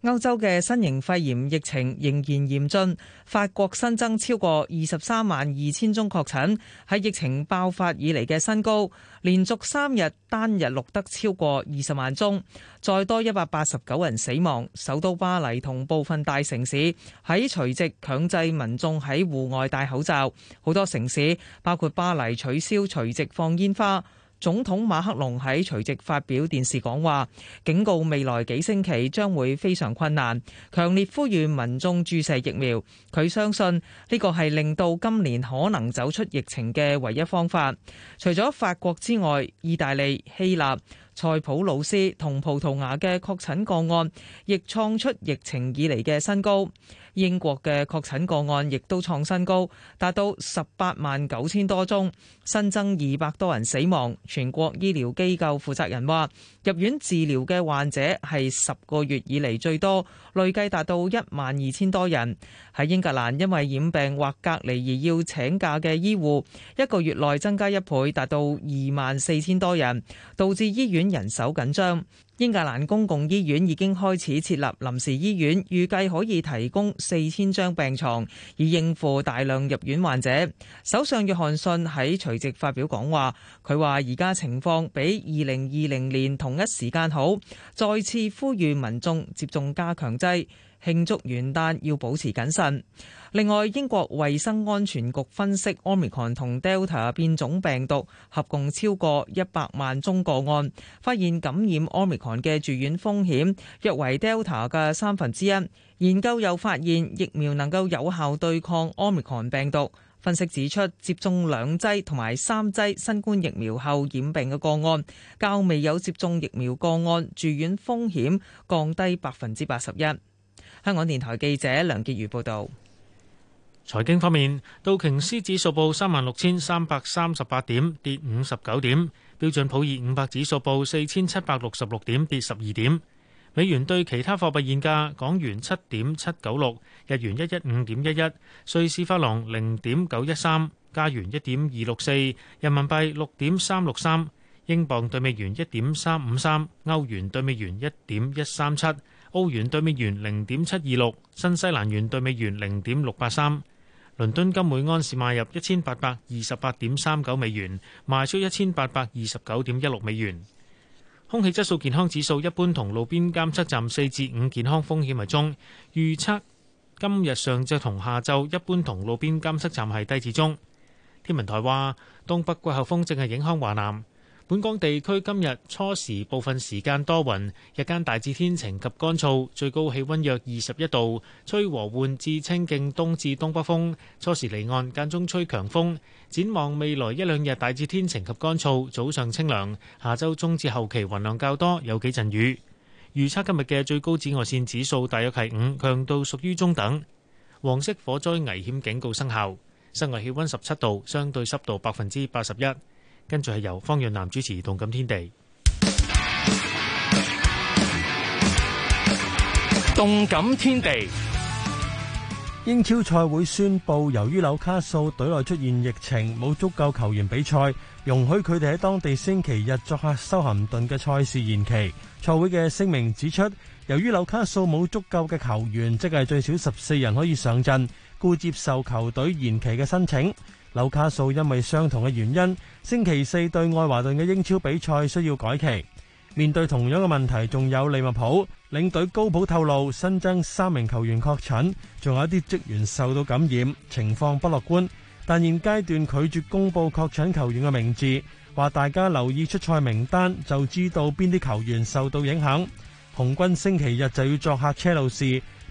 歐洲嘅新型肺炎疫情仍然嚴峻，法國新增超過二十三萬二千宗確診，係疫情爆發以嚟嘅新高，連續三日單日錄得超過二十萬宗，再多一百八十九人死亡。首都巴黎同部分大城市喺除夕強制民眾喺戶外戴口罩，好多城市包括巴黎取消除夕放煙花。總統馬克龍喺隨即發表電視講話，警告未來幾星期將會非常困難，強烈呼籲民眾注射疫苗。佢相信呢個係令到今年可能走出疫情嘅唯一方法。除咗法國之外，意大利、希臘、塞浦路斯同葡萄牙嘅確診個案亦創出疫情以嚟嘅新高。英國嘅確診個案亦都創新高，達到十八萬九千多宗，新增二百多人死亡。全國醫療機構負責人話，入院治療嘅患者係十個月以嚟最多，累計達到一萬二千多人。喺英格蘭，因為染病或隔離而要請假嘅醫護，一個月內增加一倍，達到二萬四千多人，導致醫院人手緊張。英格蘭公共醫院已經開始設立臨時醫院，預計可以提供四千張病床，以應付大量入院患者。首相約翰遜喺除夕發表講話，佢話而家情況比二零二零年同一時間好，再次呼籲民眾接種加強劑。慶祝元旦要保持謹慎。另外，英國衛生安全局分析，Omicron 同 Delta 變種病毒合共超過一百萬宗個案，發現感染 Omicron。嘅住院風險約為 Delta 嘅三分之一。研究又發現疫苗能夠有效對抗 Omicron 病毒。分析指出，接種兩劑同埋三劑新冠疫苗後染病嘅個案，較未有接種疫苗個案住院風險降低百分之八十一。香港電台記者梁潔如報導。財經方面，道瓊斯指數報三萬六千三百三十八點，跌五十九點。標準普爾五百指數報四千七百六十六點，跌十二點。美元對其他貨幣現價：港元七點七九六，日元一一五點一一，瑞士法郎零點九一三，加元一點二六四，人民幣六點三六三，英鎊對美元一點三五三，歐元對美元一點一三七，澳元對美元零點七二六，新西蘭元對美元零點六八三。倫敦金每盎司買入一千八百二十八點三九美元，賣出一千八百二十九點一六美元。空氣質素健康指數一般，同路邊監測站四至五健康風險為中。預測今日上晝同下晝一般同路邊監測站係低至中。天文台話，東北季候風正係影響華南。本港地區今日初時部分時間多雲，日間大致天晴及乾燥，最高氣溫約二十一度，吹和緩至清勁東至東北風，初時離岸間中吹強風。展望未來一兩日大致天晴及乾燥，早上清涼，下週中至後期雲量較多，有幾陣雨。預測今日嘅最高紫外線指數大約係五，強度屬於中等。黃色火災危險警告生效。室外氣溫十七度，相對濕度百分之八十一。跟住係由方潤南主持《動感天地》。《動感天地》英超賽會宣佈，由於紐卡素隊內出現疫情，冇足夠球員比賽，容許佢哋喺當地星期日作客修咸頓嘅賽事延期。賽會嘅聲明指出，由於紐卡素冇足夠嘅球員，即係最少十四人可以上陣，故接受球隊延期嘅申請。紐卡素因為相同嘅原因，星期四對愛華頓嘅英超比賽需要改期。面對同樣嘅問題，仲有利物浦領隊高普透露新增三名球員確診，仲有一啲職員受到感染，情況不樂觀。但現階段拒絕公布確診球員嘅名字，話大家留意出賽名單就知道邊啲球員受到影響。紅軍星期日就要作客車路士。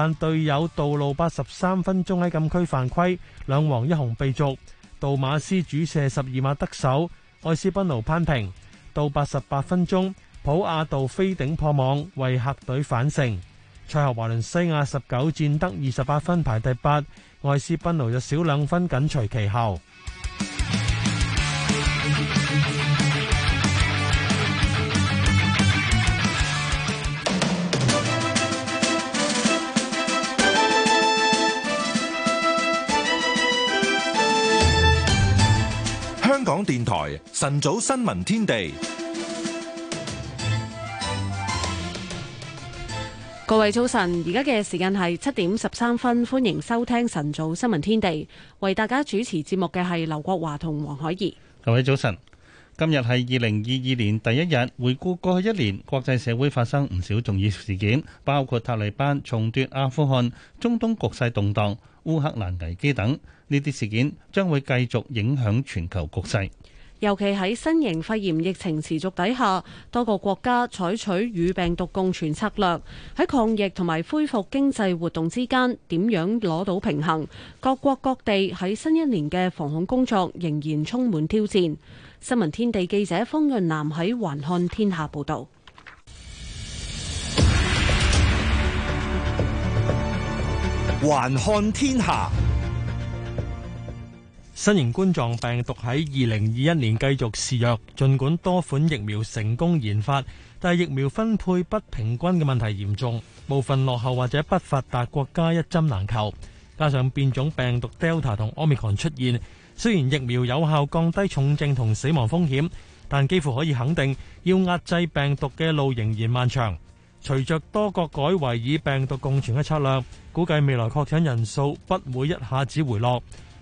但隊友道路八十三分鐘喺禁區犯規，兩黃一紅被逐。杜馬斯主射十二碼得手，愛斯賓奴攀平。到八十八分鐘，普亞道飛頂破網，為客隊反勝。賽後華倫西亞十九戰得二十八分排第八，愛斯賓奴就少兩分緊隨其後。港電台晨早新聞天地，各位早晨，而家嘅時間係七點十三分，歡迎收聽晨早新聞天地。為大家主持節目嘅係劉國華同黃海怡。各位早晨，今日係二零二二年第一日，回顧過去一年，國際社會發生唔少重要事件，包括塔利班重奪阿富汗、中東局勢動盪、烏克蘭危機等。呢啲事件將會繼續影響全球局勢，尤其喺新型肺炎疫情持續底下，多個國家採取與病毒共存策略，喺抗疫同埋恢復經濟活動之間，點樣攞到平衡？各國各地喺新一年嘅防控工作仍然充滿挑戰。新聞天地記者方潤南喺環看天下報導。環看天下。報新型冠狀病毒喺二零二一年繼續肆虐，儘管多款疫苗成功研發，但疫苗分配不平均嘅問題嚴重，部分落後或者不發達國家一針難求。加上變種病毒 Delta 同 Omicron 出現，雖然疫苗有效降低重症同死亡風險，但幾乎可以肯定，要壓制病毒嘅路仍然漫長。隨着多國改為以病毒共存嘅策略，估計未來確診人數不會一下子回落。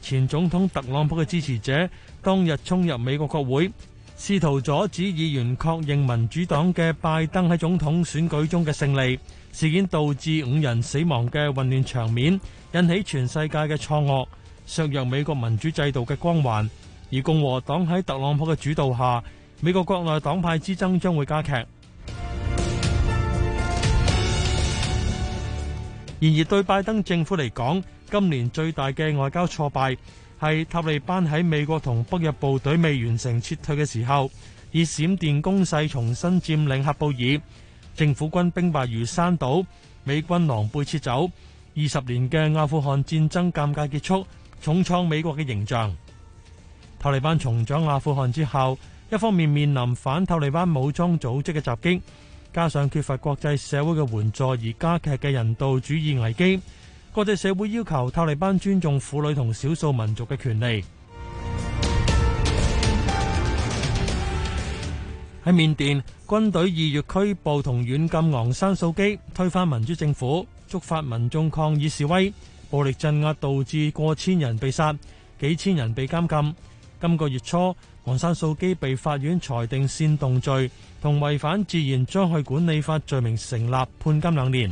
前總統特朗普嘅支持者當日衝入美國國會，試圖阻止議員確認民主黨嘅拜登喺總統選舉中嘅勝利。事件導致五人死亡嘅混亂場面，引起全世界嘅錯愕，削弱美國民主制度嘅光環。而共和黨喺特朗普嘅主導下，美國國內黨派之爭將會加劇。然而，對拜登政府嚟講，今年最大嘅外交挫敗，係塔利班喺美國同北約部隊未完成撤退嘅時候，以閃電攻勢重新占領喀布爾，政府軍兵敗如山倒，美軍狼狽撤走。二十年嘅阿富汗戰爭尷尬結束，重創美國嘅形象。塔利班重掌阿富汗之後，一方面面臨反塔利班武裝組織嘅襲擊，加上缺乏國際社會嘅援助，而加劇嘅人道主義危機。國際社會要求塔利班尊重婦女同少數民族嘅權利。喺緬 甸，軍隊二月拘捕同軟禁昂山素基，推翻民主政府，觸發民眾抗議示威，暴力鎮壓導致過千人被殺，幾千人被監禁。今個月初，昂山素基被法院裁定煽動罪同違反自然災害管理法罪名成立，判監兩年。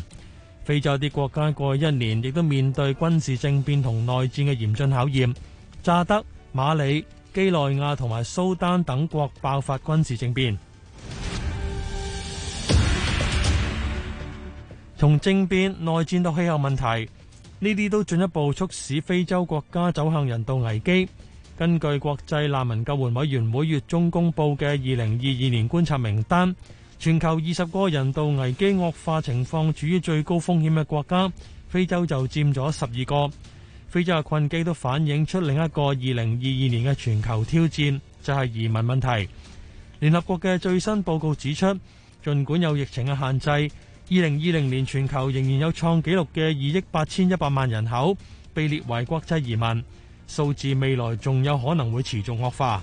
非洲一啲國家過去一年亦都面對軍事政變同內戰嘅嚴峻考驗，乍得、馬里、幾內亞同埋蘇丹等國爆發軍事政變。從政變、內戰到氣候問題，呢啲都進一步促使非洲國家走向人道危機。根據國際難民救援委員會月中公佈嘅二零二二年觀察名單，全球二十個人道危機惡化情況處於最高風險嘅國家，非洲就佔咗十二個。非洲嘅困境都反映出另一個二零二二年嘅全球挑戰，就係、是、移民問題。聯合國嘅最新報告指出，儘管有疫情嘅限制，二零二零年全球仍然有創紀錄嘅二億八千一百萬人口被列為國際移民，數字未來仲有可能會持續惡化。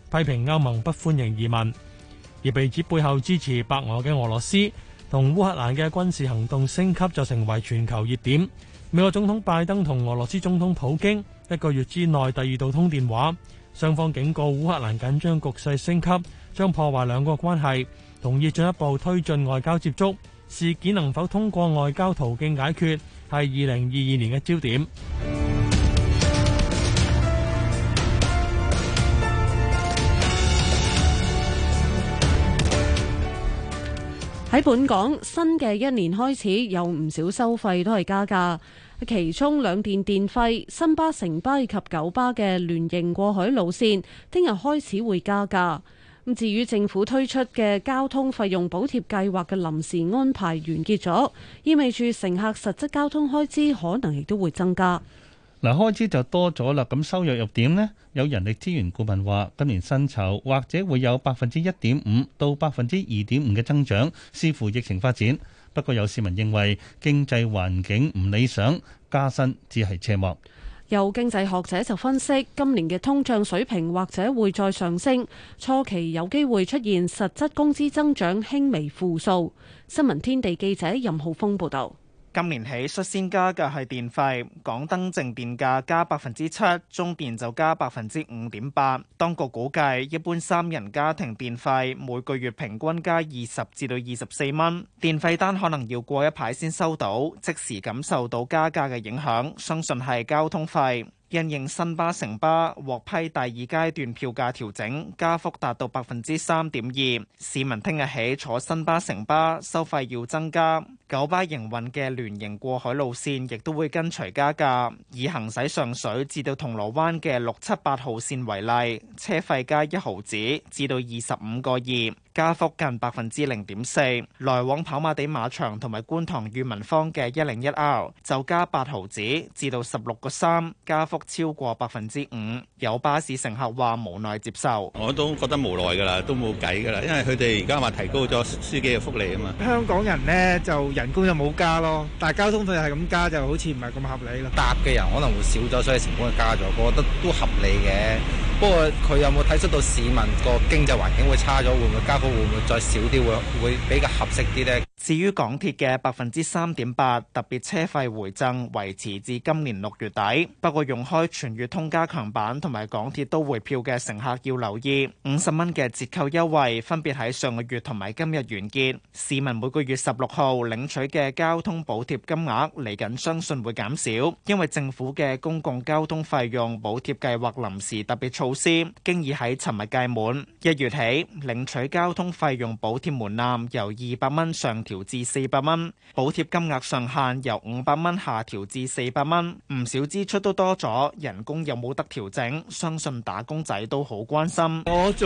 批評歐盟不歡迎移民，而被指背後支持白俄嘅俄羅斯同烏克蘭嘅軍事行動升級就成為全球熱點。美國總統拜登同俄羅斯總統普京一個月之內第二度通電話，雙方警告烏克蘭緊張局勢升級，將破壞兩國關係，同意進一步推進外交接觸。事件能否通過外交途徑解決，係二零二二年嘅焦點。喺本港新嘅一年開始，有唔少收費都係加價。其中兩電電費、新巴、城巴及九巴嘅聯營過海路線，聽日開始會加價。咁至於政府推出嘅交通費用補貼計劃嘅臨時安排完結咗，意味住乘客實質交通開支可能亦都會增加。嗱，開支就多咗啦，咁收入又點呢？有人力資源顧問話，今年薪酬或者會有百分之一點五到百分之二點五嘅增長，視乎疫情發展。不過有市民認為經濟環境唔理想，加薪只係奢望。有經濟學者就分析，今年嘅通脹水平或者會再上升，初期有機會出現實質工資增長輕微負數。新聞天地記者任浩峰報導。今年起率先加嘅係電費，港燈淨電價加百分之七，中電就加百分之五點八。當局估計一般三人家庭電費每個月平均加二十至到二十四蚊。電費單可能要過一排先收到，即時感受到加價嘅影響，相信係交通費。因應新巴、城巴獲批第二階段票價調整，加幅達到百分之三點二，市民聽日起坐新巴、城巴收費要增加。九巴營運嘅聯營過海路線亦都會跟隨加價。以行駛上水至到銅鑼灣嘅六七八號線為例，車費加一毫子至到二十五個二。加幅近百分之零點四，來往跑馬地馬場同埋觀塘裕民坊嘅一零一 R 就加八毫子，至到十六個三，加幅超過百分之五。有巴士乘客話無奈接受，我都覺得無奈㗎啦，都冇計㗎啦，因為佢哋而家話提高咗司機嘅福利啊嘛。香港人呢就人工就冇加咯，但係交通費係咁加就好似唔係咁合理啦。搭嘅人可能會少咗，所以成本就加咗，我覺得都合理嘅。不過佢有冇睇出到市民個經濟環境會差咗，會唔會加幅會唔會再少啲，會會比較合適啲呢？至於港鐵嘅百分之三點八特別車費回贈維持至今年六月底。不過用開全月通加強版同埋港鐵都會票嘅乘客要留意，五十蚊嘅折扣優惠分別喺上個月同埋今日完結。市民每個月十六號領取嘅交通補貼金額嚟緊，相信會減少，因為政府嘅公共交通費用補貼計劃臨時特別措。老師，經已喺尋日屆滿。一月起，領取交通費用補貼門檻由二百蚊上調至四百蚊，補貼金額上限由五百蚊下調至四百蚊。唔少支出都多咗，人工有冇得調整？相信打工仔都好關心。我做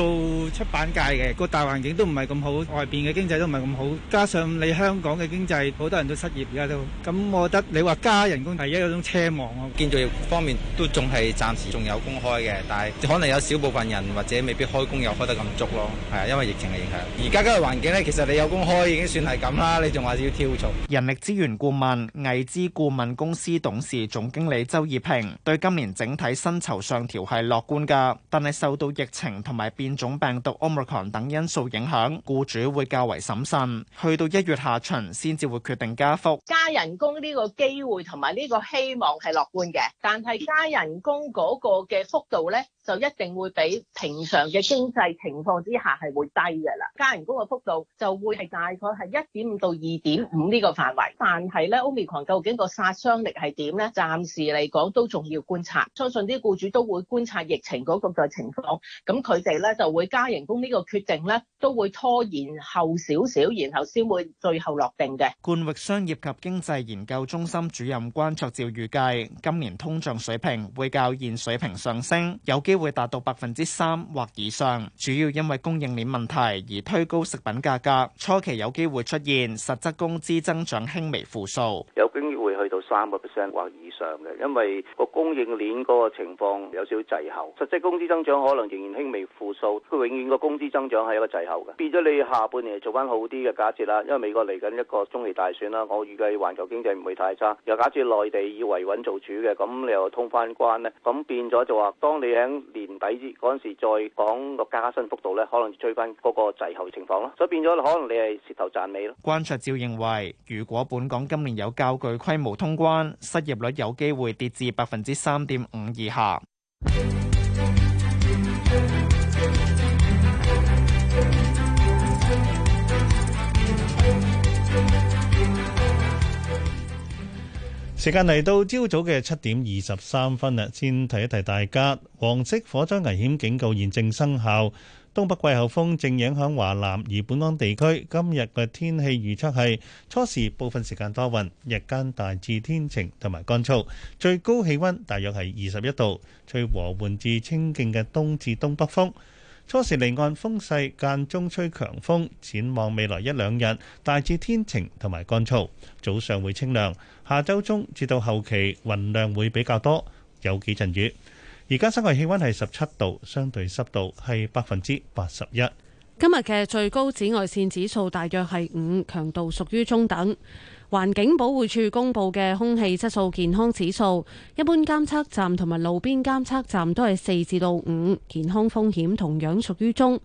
出版界嘅，個大環境都唔係咁好，外邊嘅經濟都唔係咁好，加上你香港嘅經濟好多人都失業，而家都咁，我覺得你話加人工係一種奢望啊！建築業方面都仲係暫時仲有工開嘅，但係。可能有少部分人或者未必開工又開得咁足咯，係啊，因為疫情嘅影響，而家嗰個環境咧，其實你有工開已經算係咁啦，你仲話要跳槽？人力資源顧問、藝資顧問公司董事、總經理周業平對今年整體薪酬上調係樂觀噶，但係受到疫情同埋變種病毒 Omicron 等因素影響，僱主會較為審慎，去到一月下旬先至會決定加幅，加人工呢個機會同埋呢個希望係樂觀嘅，但係加人工嗰個嘅幅度咧。就一定會比平常嘅經濟情況之下係會低嘅啦，加人工嘅幅度就會係大概係一點五到二點五呢個範圍。但係咧，Omicron 究竟個殺傷力係點咧？暫時嚟講都仲要觀察，相信啲僱主都會觀察疫情嗰個嘅情況，咁佢哋咧就會加人工呢個決定咧，都會拖延後少少，然後先會最後落定嘅。冠域商業及經濟研究中心主任關卓照預計，今年通脹水平會較現水平上升，有機會達到百分之三或以上，主要因為供應鏈問題而推高食品價格。初期有機會出現實質工資增長輕微負數，有機會去到三個 percent 或以上嘅，因為個供應鏈嗰個情況有少少滯後，實質工資增長可能仍然輕微負數。佢永遠個工資增長係一個滯後嘅。變咗你下半年做翻好啲嘅假設啦，因為美國嚟緊一個中期大選啦，我預計環球經濟唔會太差。又假設內地以維穩做主嘅，咁你又通翻關呢？咁變咗就話當你喺年底嗰陣時再講個加薪幅度咧，可能追翻嗰個滯後情況咯，所以變咗可能你係蝕頭賺尾咯。關卓照認為，如果本港今年有較具規模通關，失業率有機會跌至百分之三點五以下。時間嚟到朝早嘅七點二十三分啦，先提一提大家黃色火災危險警告現正生效。東北季候風正影響華南，而本港地區今日嘅天氣預測係初時部分時間多雲，日間大致天晴同埋乾燥，最高氣温大約係二十一度。吹和緩至清勁嘅東至東北風，初時離岸風勢間中吹強風。展望未來一兩日，大致天晴同埋乾燥，早上會清涼。下周中至到後期雲量會比較多，有幾陣雨。而家室外氣溫係十七度，相對濕度係百分之八十一。今日嘅最高紫外線指數大約係五，強度屬於中等。環境保護署公布嘅空氣質素健康指數，一般監測站同埋路邊監測站都係四至到五，健康風險同樣屬於中。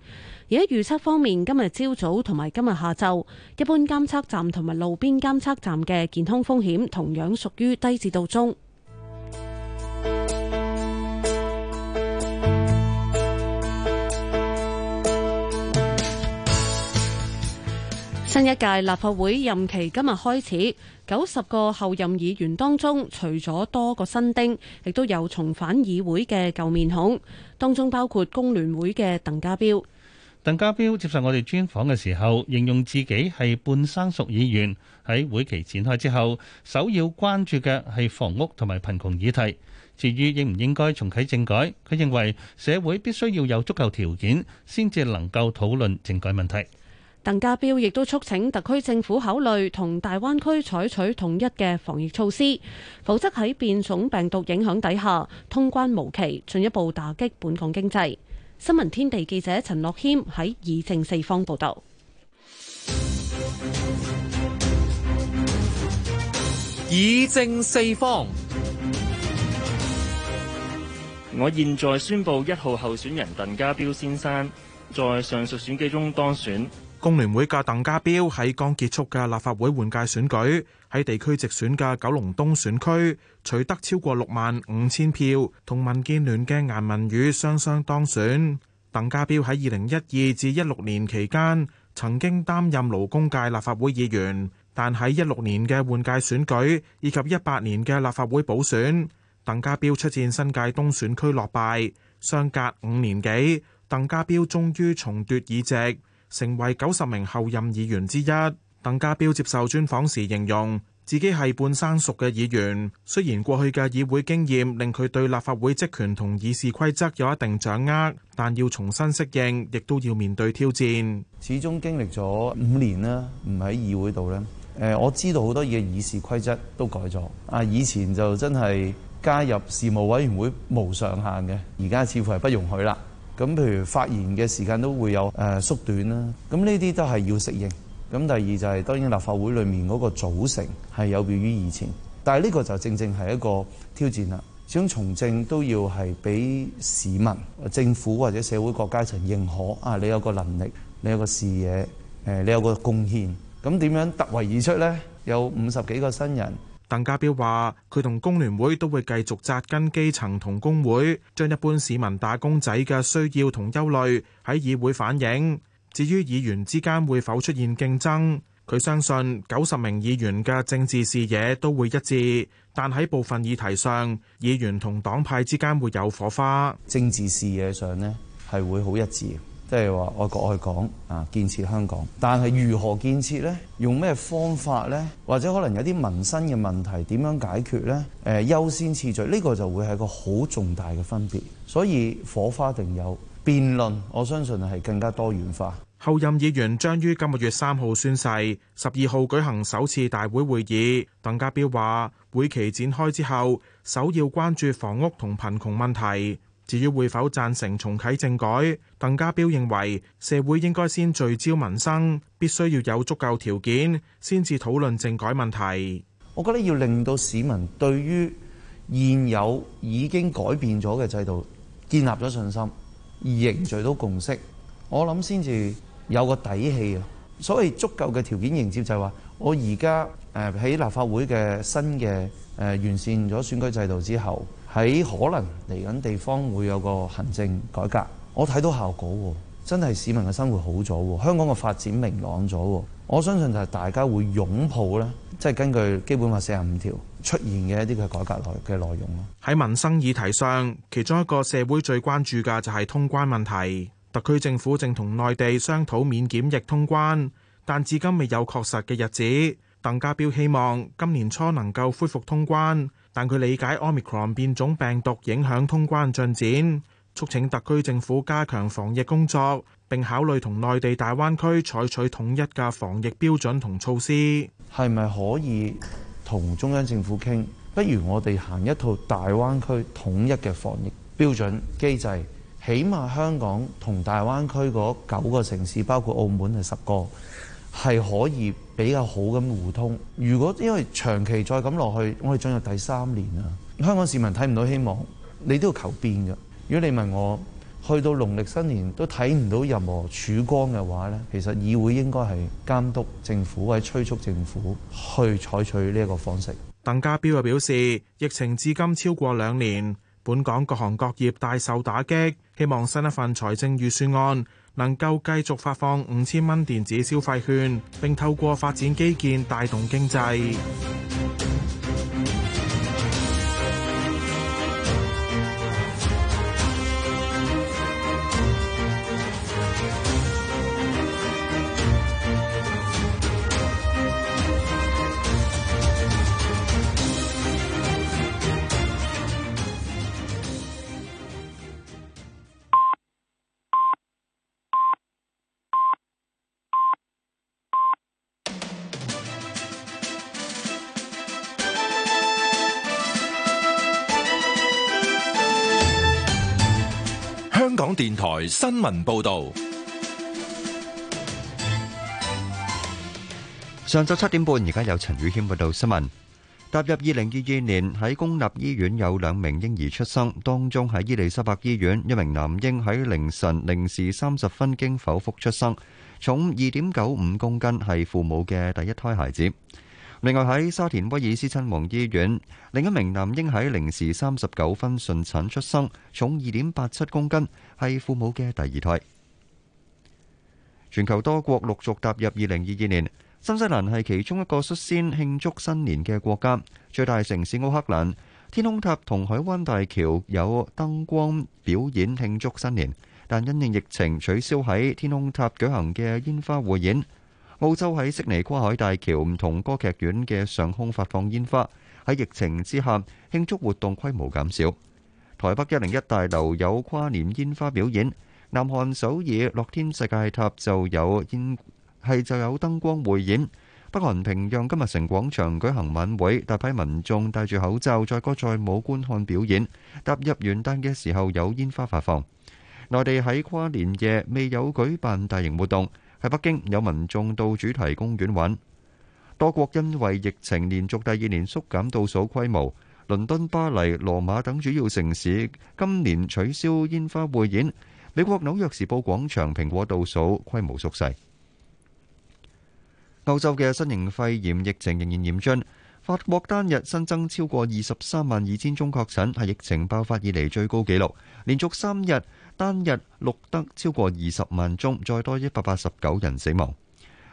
而喺預測方面，今日朝早同埋今日下晝，一般監測站同埋路邊監測站嘅健康風險同樣屬於低至到中。新一屆立法會任期今日開始，九十個候任議員當中，除咗多個新丁，亦都有重返議會嘅舊面孔，當中包括工聯會嘅鄧家彪。鄧家彪接受我哋專訪嘅時候，形容自己係半生熟議員。喺會期展開之後，首要關注嘅係房屋同埋貧窮議題。至於應唔應該重啟政改，佢認為社會必須要有足夠條件，先至能夠討論政改問題。鄧家彪亦都促請特區政府考慮同大灣區採取統一嘅防疫措施，否則喺變種病毒影響底下通關無期，進一步打擊本港經濟。新聞天地記者陳樂謙喺以正四方報道。以正四方，我現在宣布一號候選人鄧家彪先生在上述選舉中當選。工聯會嘅鄧家彪喺剛結束嘅立法會換屆選舉喺地區直選嘅九龍東選區取得超過六萬五千票，同民建聯嘅顏汶羽雙雙當選。鄧家彪喺二零一二至一六年期間曾經擔任勞工界立法會議員，但喺一六年嘅換屆選舉以及一八年嘅立法會補選，鄧家彪出戰新界東選區落敗，相隔五年幾，鄧家彪終於重奪議席。成為九十名候任議員之一，鄧家彪接受專訪時形容自己係半生熟嘅議員。雖然過去嘅議會經驗令佢對立法會職權同議事規則有一定掌握，但要重新適應，亦都要面對挑戰。始終經歷咗五年啦，唔喺議會度呢。誒，我知道好多嘢議事規則都改咗。啊，以前就真係加入事務委員會無上限嘅，而家似乎係不容許啦。咁譬如發言嘅時間都會有誒、呃、縮短啦，咁呢啲都係要適應。咁第二就係、是、當然立法會裏面嗰個組成係有別於以前，但係呢個就正正係一個挑戰啦。始終從政都要係俾市民、政府或者社會各階層認可啊，你有個能力，你有個視野，誒、呃、你有個貢獻，咁點樣突圍而出呢？有五十幾個新人。鄧家彪話：佢同工聯會都會繼續紮根基層同工會，將一般市民打工仔嘅需要同憂慮喺議會反映。至於議員之間會否出現競爭，佢相信九十名議員嘅政治視野都會一致，但喺部分議題上，議員同黨派之間會有火花。政治視野上呢，係會好一致。即係話愛國愛港啊，建設香港。但係如何建設呢？用咩方法呢？或者可能有啲民生嘅問題點樣解決呢？誒、呃，優先次序呢、呢個就會係個好重大嘅分別。所以火花定有辯論，我相信係更加多元化。候任議員將於今個月三號宣誓，十二號舉行首次大會會議。鄧家彪話：會期展開之後，首要關注房屋同貧窮問題。至於會否贊成重啟政改？鄧家彪認為社會應該先聚焦民生，必須要有足夠條件先至討論政改問題。我覺得要令到市民對於現有已經改變咗嘅制度建立咗信心，而凝聚到共識，我諗先至有個底氣啊！所謂足夠嘅條件迎接就係話，我而家誒喺立法會嘅新嘅誒完善咗選舉制度之後。喺可能嚟緊地方會有個行政改革，我睇到效果喎，真係市民嘅生活好咗喎，香港嘅發展明朗咗喎，我相信就係大家會擁抱咧，即係根據基本法四十五條出現嘅一啲嘅改革內嘅內容咯。喺民生議題上，其中一個社會最關注嘅就係通關問題。特區政府正同內地商討免檢疫通關，但至今未有確實嘅日子。鄧家彪希望今年初能夠恢復通關。但佢理解 omicron 變種病毒影響通關進展，促請特區政府加強防疫工作，並考慮同內地大灣區採取統一嘅防疫標準同措施。係咪可以同中央政府傾？不如我哋行一套大灣區統一嘅防疫標準機制，起碼香港同大灣區嗰九個城市，包括澳門係十個，係可以。比較好咁互通。如果因為長期再咁落去，我哋進入第三年啦，香港市民睇唔到希望，你都要求變㗎。如果你問我，去到農曆新年都睇唔到任何曙光嘅話呢，其實議會應該係監督政府，或者催促政府去採取呢一個方式。鄧家彪又表示，疫情至今超過兩年，本港各行各業大受打擊，希望新一份財政預算案。能夠繼續發放五千蚊電子消費券，並透過發展基建帶動經濟。電台新聞報道：上晝七點半，而家有陳宇謙報道新聞。踏入二零二二年，喺公立醫院有兩名嬰兒出生，當中喺伊利沙伯醫院，一名男嬰喺凌晨零時三十分經剖腹出生，重二點九五公斤，係父母嘅第一胎孩子。另外喺沙田威爾斯親王醫院，另一名男嬰喺零時三十九分順產出生，重二點八七公斤。係父母嘅第二胎。全球多國陸續踏入二零二二年，新西蘭係其中一個率先慶祝新年嘅國家。最大城市奧克蘭，天空塔同海灣大橋有燈光表演慶祝新年，但因應疫情取消喺天空塔舉行嘅煙花匯演。澳洲喺悉尼跨海大橋唔同歌劇院嘅上空發放煙花，喺疫情之下慶祝活動規模減少。台北一零一大樓有跨年煙花表演，南韓首爾樂天世界塔就有煙係就有燈光匯演，北韓平壤金日成廣場舉行晚會，大批民眾戴住口罩載歌載舞觀看表演，踏入元旦嘅時候有煙花發放。內地喺跨年夜未有舉辦大型活動，喺北京有民眾到主題公園玩。多國因為疫情連續第二年縮減倒數規模。倫敦、巴黎、羅馬等主要城市今年取消煙花匯演。美國紐約時報廣場蘋果倒數規模縮細。歐洲嘅新型肺炎疫情仍然嚴峻。法國單日新增超過二十三萬二千宗確診，係疫情爆發以嚟最高紀錄，連續三日單日錄得超過二十萬宗，再多一百八十九人死亡。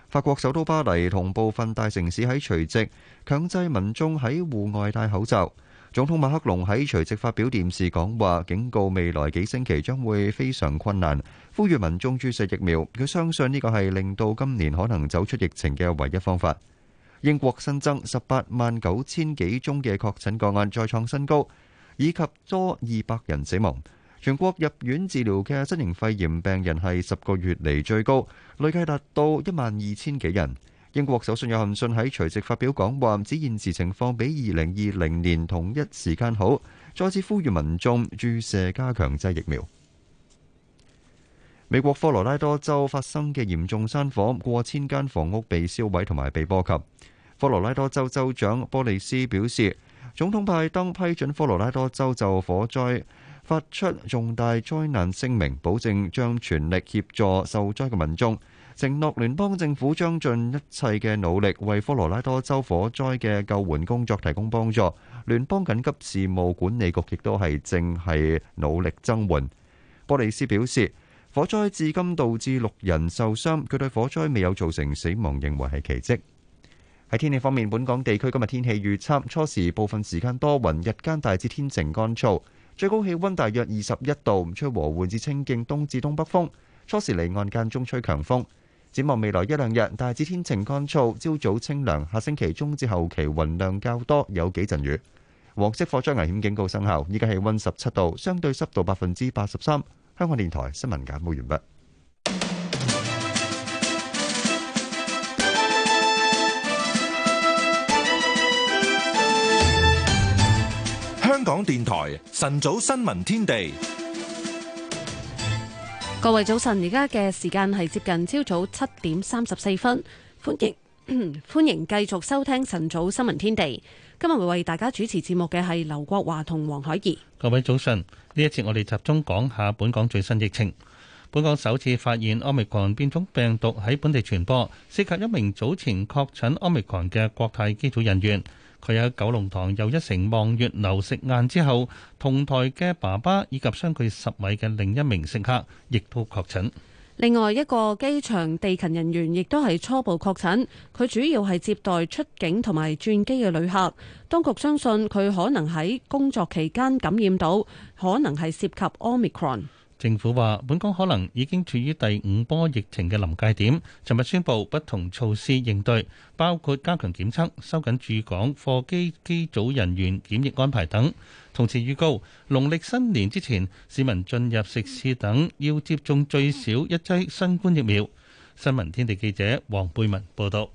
法國首都巴黎同部分大城市喺除夕強制民眾喺戶外戴口罩。總統馬克龍喺隨即發表電視講話，警告未來幾星期將會非常困難，呼籲民眾注射疫苗。佢相信呢個係令到今年可能走出疫情嘅唯一方法。英國新增十八萬九千幾宗嘅確診個案，再創新高，以及多二百人死亡。全國入院治療嘅新型肺炎病人係十個月嚟最高，累計達到一萬二千幾人。英國首相約翰遜喺除夕發表講話，指現時情況比二零二零年同一時間好，再次呼籲民眾注射加強劑疫苗。美國科羅拉多州發生嘅嚴重山火，過千間房屋被燒毀同埋被波及。科羅拉多州州長波利斯表示，總統拜登批准科羅拉多州就火災發出重大災難聲明，保證將全力協助受災嘅民眾。承諾聯邦政府將盡一切嘅努力為科羅拉多州火災嘅救援工作提供幫助。聯邦緊急事務管理局亦都係正係努力增援。波利斯表示，火災至今導致六人受傷，佢對火災未有造成死亡，認為係奇跡。喺天氣方面，本港地區今日天氣預測：初時部分時間多雲，日間大致天晴乾燥，最高氣温大約二十一度，吹和緩至清勁東至東北風。初時離岸間中吹強風。展望未來一兩日，大致天晴乾燥，朝早清涼。下星期中至後期雲量較多，有幾陣雨。黃色火災危險警告生效。依家氣温十七度，相對濕度百分之八十三。香港電台新聞簡報完畢。香港電台晨早新聞天地。各位早晨，而家嘅時間係接近朝早七點三十四分，歡迎歡迎繼續收聽晨早新聞天地。今日會為大家主持節目嘅係劉國華同黃海怡。各位早晨，呢一次我哋集中講下本港最新疫情。本港首次發現奧密克戎變種病毒喺本地傳播，涉及一名早前確診奧密克戎嘅國泰機組人員。佢喺九龍塘、又一城望月樓食晏之後，同台嘅爸爸以及相距十米嘅另一名食客，亦都確診。另外一個機場地勤人員亦都係初步確診，佢主要係接待出境同埋轉機嘅旅客。當局相信佢可能喺工作期間感染到，可能係涉及 Omicron。政府話，本港可能已經處於第五波疫情嘅臨界點。尋日宣布不同措施應對，包括加強檢測、收緊駐港貨機機組人員檢疫安排等。同時預告，農曆新年之前，市民進入食肆等要接種最少一劑新冠疫苗。新聞天地記者黃貝文報道。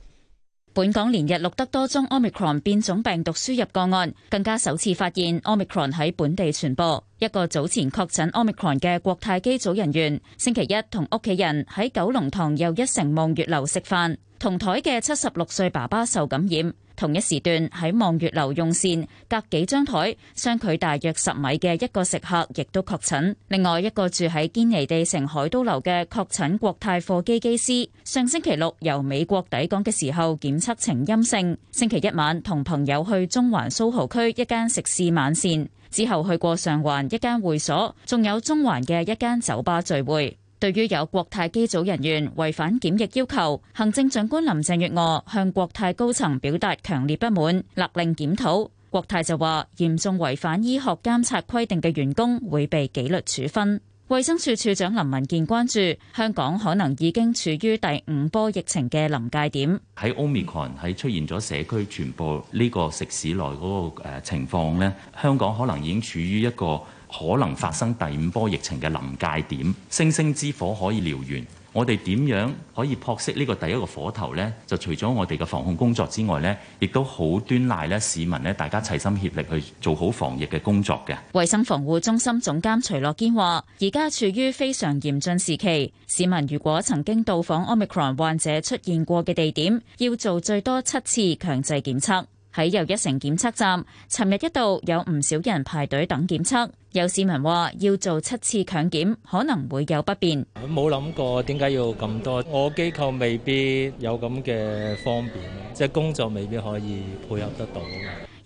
本港連日錄得多宗 Omicron 變種病毒輸入個案，更加首次發現 Omicron 喺本地傳播。一個早前確診 Omicron 嘅國泰機組人員，星期一同屋企人喺九龍塘又一城望月樓食飯，同台嘅七十六歲爸爸受感染。同一時段喺望月樓用膳，隔幾張台相距大約十米嘅一個食客亦都確診。另外一個住喺堅尼地城海都樓嘅確診國泰貨機機師，上星期六由美國抵港嘅時候檢測呈陰性，星期一晚同朋友去中環蘇豪區一間食肆晚膳，之後去過上環一間會所，仲有中環嘅一間酒吧聚會。對於有國泰機組人員違反檢疫要求，行政長官林鄭月娥向國泰高層表達強烈不滿，勒令檢討。國泰就話嚴重違反醫學監察規定嘅員工會被紀律處分。衛生署署長林文健關注香港可能已經處於第五波疫情嘅臨界點。喺 Omicron 喺出現咗社區傳播，呢個食肆內嗰個，誒，情況呢，香港可能已經處於一個。可能發生第五波疫情嘅臨界點，星星之火可以燎原。我哋點樣可以撲熄呢個第一個火頭呢？就除咗我哋嘅防控工作之外呢亦都好端賴呢市民呢，大家齊心協力去做好防疫嘅工作嘅。衞生防護中心總監徐樂堅話，而家處於非常嚴峻時期，市民如果曾經到訪 Omicron 患者出現過嘅地點，要做最多七次強制檢測。喺又一城檢測站，尋日一度有唔少人排隊等檢測。有市民話要做七次強檢，可能會有不便。冇諗過點解要咁多？我機構未必有咁嘅方便，即係工作未必可以配合得到。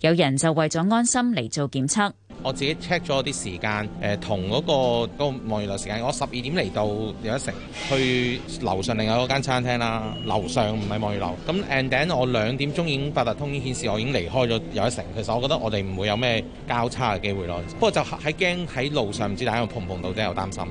有人就為咗安心嚟做檢測。我自己 check 咗啲時間，誒、呃、同嗰、嗰個嗰個望月樓時間，我十二點嚟到又一城，去樓上另外嗰間餐廳啦，樓上唔係望月樓。咁 and then 我兩點鐘已經八達通已經顯示我已經離開咗又一城，其實我覺得我哋唔會有咩交叉嘅機會咯。不過就喺驚喺路上唔知大家有碰唔碰到，真係有擔心係。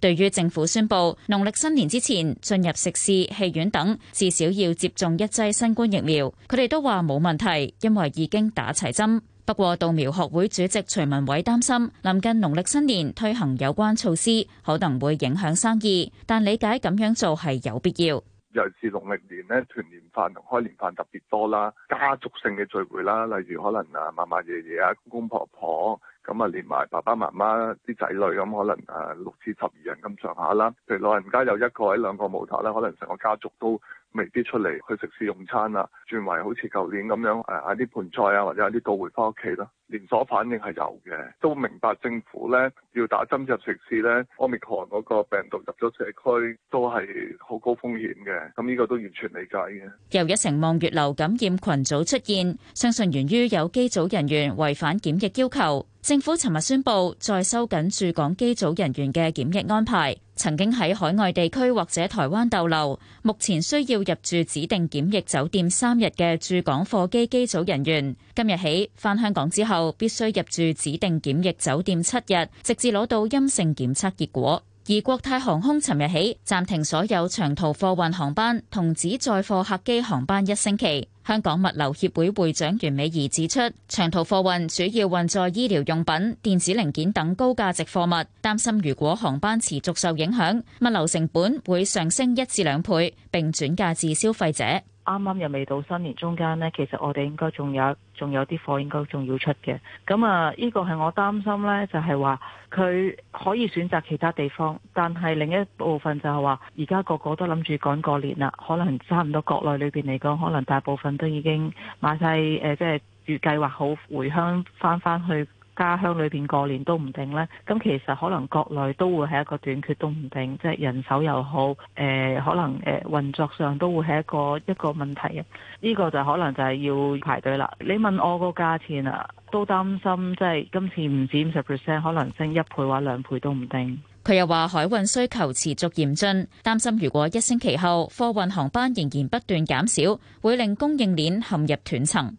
對於政府宣布，農曆新年之前進入食肆、戲院等，至少要接種一劑新冠疫苗，佢哋都話冇問題，因為已經打齊針。不過，稻苗學會主席徐文偉擔心，臨近農曆新年推行有關措施，可能會影響生意，但理解咁樣做係有必要。尤其是農曆年咧，團年飯同開年飯特別多啦，家族性嘅聚會啦，例如可能啊，嫲嫲爺爺啊，公公婆婆咁啊、嗯，連埋爸爸媽媽啲仔女，咁可能誒、啊、六至十二人咁上下啦，譬如老人家有一個喺兩個舞台咧，可能成個家族都。未必出嚟去食肆用餐啊，轉為好似舊年咁樣，誒嗌啲盆菜啊，或者買啲到回返屋企啦。連鎖反應係有嘅，都明白政府咧要打針入食肆咧，奧密克戎嗰個病毒入咗社區都係好高風險嘅，咁呢個都完全理解嘅。又一城望月樓感染群組出現，相信源於有機組人員違反檢疫要求。政府尋日宣布再收緊駐港機組人員嘅檢疫安排，曾經喺海外地區或者台灣逗留，目前需要入住指定檢疫酒店三日嘅駐港貨機機組人員，今日起翻香港之後，必須入住指定檢疫酒店七日，直至攞到陰性檢測結果。而國泰航空尋日起暫停所有長途貨運航班，同止載貨客機航班一星期。香港物流協會會長袁美儀指出，長途貨運主要運載醫療用品、電子零件等高價值貨物，擔心如果航班持續受影響，物流成本會上升一至兩倍，並轉嫁至消費者。啱啱又未到新年中間呢，其實我哋應該仲有。仲有啲貨應該仲要出嘅，咁啊，呢個係我擔心呢，就係話佢可以選擇其他地方，但係另一部分就係話，而家個個都諗住趕過年啦，可能差唔多國內裏邊嚟講，可能大部分都已經買晒，誒、呃，即係預計劃好回鄉翻翻去。家鄉裏邊過年都唔定呢。咁其實可能國內都會係一個短缺都唔定，即係人手又好，誒可能誒運作上都會係一個一個問題嘅。呢個就可能就係要排隊啦。你問我個價錢啊，都擔心即係今次唔止五十 percent，可能升一倍或兩倍都唔定。佢又話海運需求持續嚴峻，擔心如果一星期後貨運航班仍然不斷減少，會令供應鏈陷入斷層。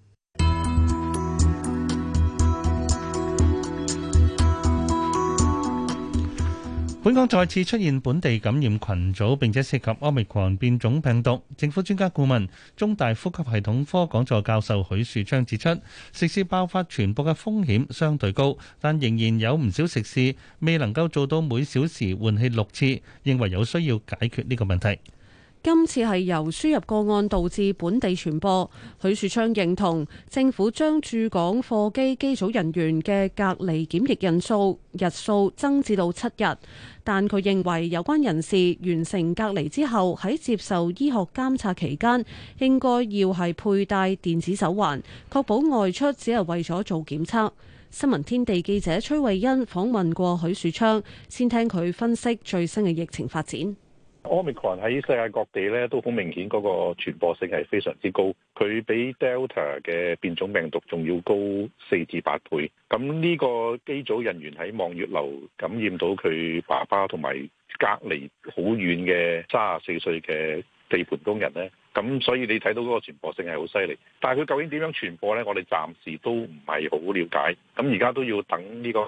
本港再次出現本地感染群組，並且涉及 Omicron 變種病毒。政府專家顧問、中大呼吸系統科講座教授許樹昌指出，食肆爆發傳播嘅風險相對高，但仍然有唔少食肆未能夠做到每小時換氣六次，認為有需要解決呢個問題。今次係由輸入個案導致本地傳播，許樹昌認同政府將駐港貨機機組人員嘅隔離檢疫人數日數增至到七日，但佢認為有關人士完成隔離之後喺接受醫學監察期間，應該要係佩戴電子手環，確保外出只係為咗做檢測。新聞天地記者崔慧欣訪問過許樹昌，先聽佢分析最新嘅疫情發展。Omicron 喺世界各地咧都好明顯，嗰個傳播性係非常之高。佢比 Delta 嘅變種病毒仲要高四至八倍。咁呢個機組人員喺望月樓感染到佢爸爸，同埋隔離好遠嘅三十四歲嘅地盤工人咧。咁所以你睇到嗰個傳播性係好犀利。但係佢究竟點樣傳播咧？我哋暫時都唔係好了解。咁而家都要等呢個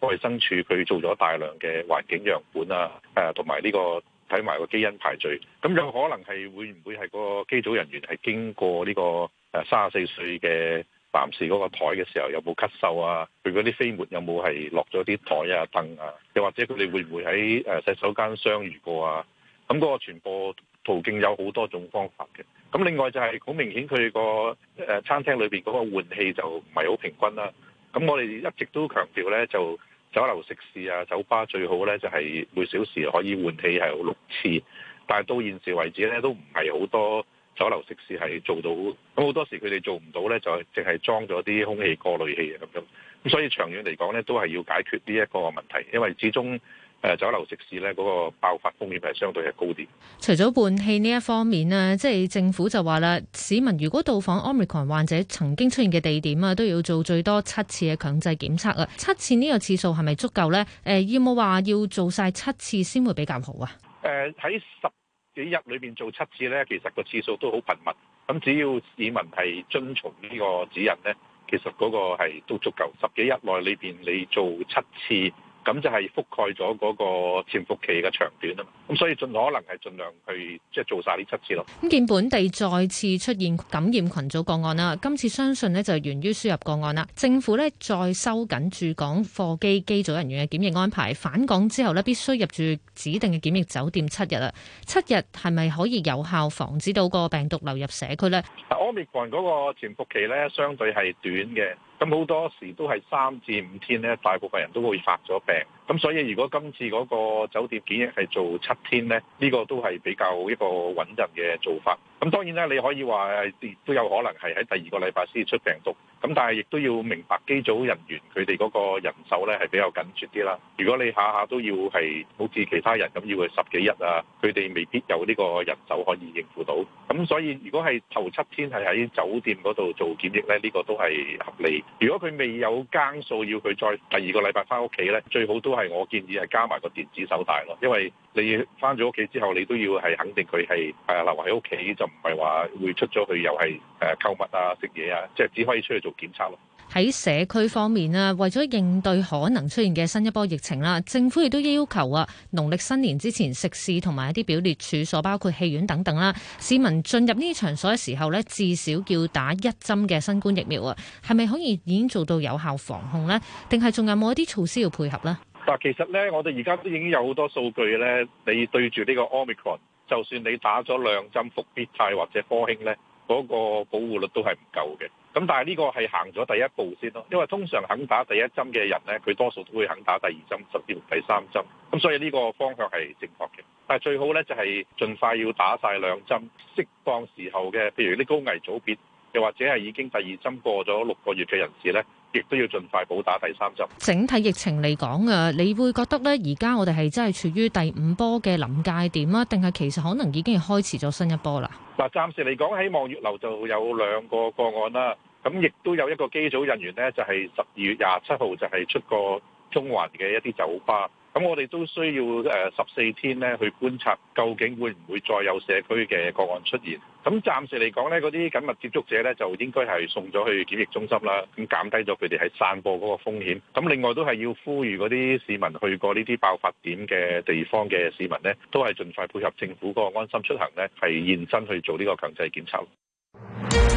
衞生署佢做咗大量嘅環境樣本啊，誒同埋呢個。睇埋個基因排序，咁有可能係會唔會係個機組人員係經過呢個誒三十四歲嘅男士嗰個枱嘅時候有冇咳嗽啊？佢嗰啲飛沫有冇係落咗啲枱啊、凳啊？又或者佢哋會唔會喺誒洗手間相遇過啊？咁嗰個傳播途徑有好多種方法嘅。咁另外就係好明顯，佢個誒餐廳裏邊嗰個換氣就唔係好平均啦、啊。咁我哋一直都強調咧就。酒樓食肆啊，酒吧最好呢就係每小時可以換氣係六次，但係到現時為止呢，都唔係好多酒樓食肆係做到，咁好多時佢哋做唔到呢，就係淨係裝咗啲空氣過濾器啊咁樣，咁所以長遠嚟講呢，都係要解決呢一個問題，因為始終。誒酒樓食肆咧，嗰個爆發風險係相對係高啲。除咗換氣呢一方面咧，即係政府就話啦，市民如果到訪 Omicron 患者曾經出現嘅地點啊，都要做最多七次嘅強制檢測啊。七次呢個次數係咪足夠咧？誒，有冇話要做晒七次先會比較好啊？誒、呃，喺十幾日裏邊做七次咧，其實個次數都好頻密。咁只要市民係遵從呢個指引咧，其實嗰個係都足夠。十幾日內裏邊你做七次。咁就係覆蓋咗嗰個潛伏期嘅長短吖嘛，咁所以盡可能係盡量去即係做晒呢七次咯。咁見本地再次出現感染群組個案啦，今次相信咧就係源於輸入個案啦。政府咧再收緊駐港貨機機組人員嘅檢疫安排，返港之後咧必須入住指定嘅檢疫酒店七日啦。七日係咪可以有效防止到個病毒流入社區咧？Omicron 嗰個潛伏期咧，相對係短嘅。咁好多時都係三至五天咧，大部分人都會發咗病。咁所以如果今次嗰個酒店檢疫係做七天咧，呢個都係比較一個穩陣嘅做法。咁當然咧，你可以話係都有可能係喺第二個禮拜先出病毒。咁但係亦都要明白機組人員佢哋嗰個人手咧係比較緊缺啲啦。如果你下下都要係好似其他人咁要去十幾日啊，佢哋未必有呢個人手可以應付到。咁所以如果係頭七天係喺酒店嗰度做檢疫咧，呢個都係合理。如果佢未有間數要佢再第二個禮拜翻屋企咧，最好都。係我建議係加埋個電子手帶咯，因為你返咗屋企之後，你都要係肯定佢係誒留喺屋企，就唔係話會出咗去又係誒購物啊、食嘢啊，即係只可以出去做檢測咯。喺社區方面啊，為咗應對可能出現嘅新一波疫情啦，政府亦都要求啊，農曆新年之前食肆同埋一啲表列處所，包括戲院等等啦。市民進入呢啲場所嘅時候呢，至少要打一針嘅新冠疫苗啊。係咪可以已經做到有效防控呢？定係仲有冇一啲措施要配合呢？但其實咧，我哋而家都已經有好多數據咧。你對住呢個 Omicron，就算你打咗兩針復必泰或者科興咧，嗰個保護率都係唔夠嘅。咁但係呢個係行咗第一步先咯，因為通常肯打第一針嘅人咧，佢多數都會肯打第二針甚至乎第三針。咁所以呢個方向係正確嘅。但係最好咧，就係盡快要打晒兩針，適當時候嘅，譬如啲高危組別。又或者係已經第二針過咗六個月嘅人士咧，亦都要盡快補打第三針。整體疫情嚟講啊，你會覺得咧，而家我哋係真係處於第五波嘅臨界點啊，定係其實可能已經係開始咗新一波啦？嗱，暫時嚟講喺望月樓就有兩個個案啦，咁亦都有一個機組人員咧，就係十二月廿七號就係出過中環嘅一啲酒吧。咁我哋都需要誒十四天咧去觀察，究竟會唔會再有社區嘅個案出現？咁暫時嚟講咧，嗰啲緊密接觸者咧就應該係送咗去檢疫中心啦，咁減低咗佢哋喺散播嗰個風險。咁另外都係要呼籲嗰啲市民去過呢啲爆發點嘅地方嘅市民呢，都係盡快配合政府嗰個安心出行呢，係現身去做呢個強制檢測。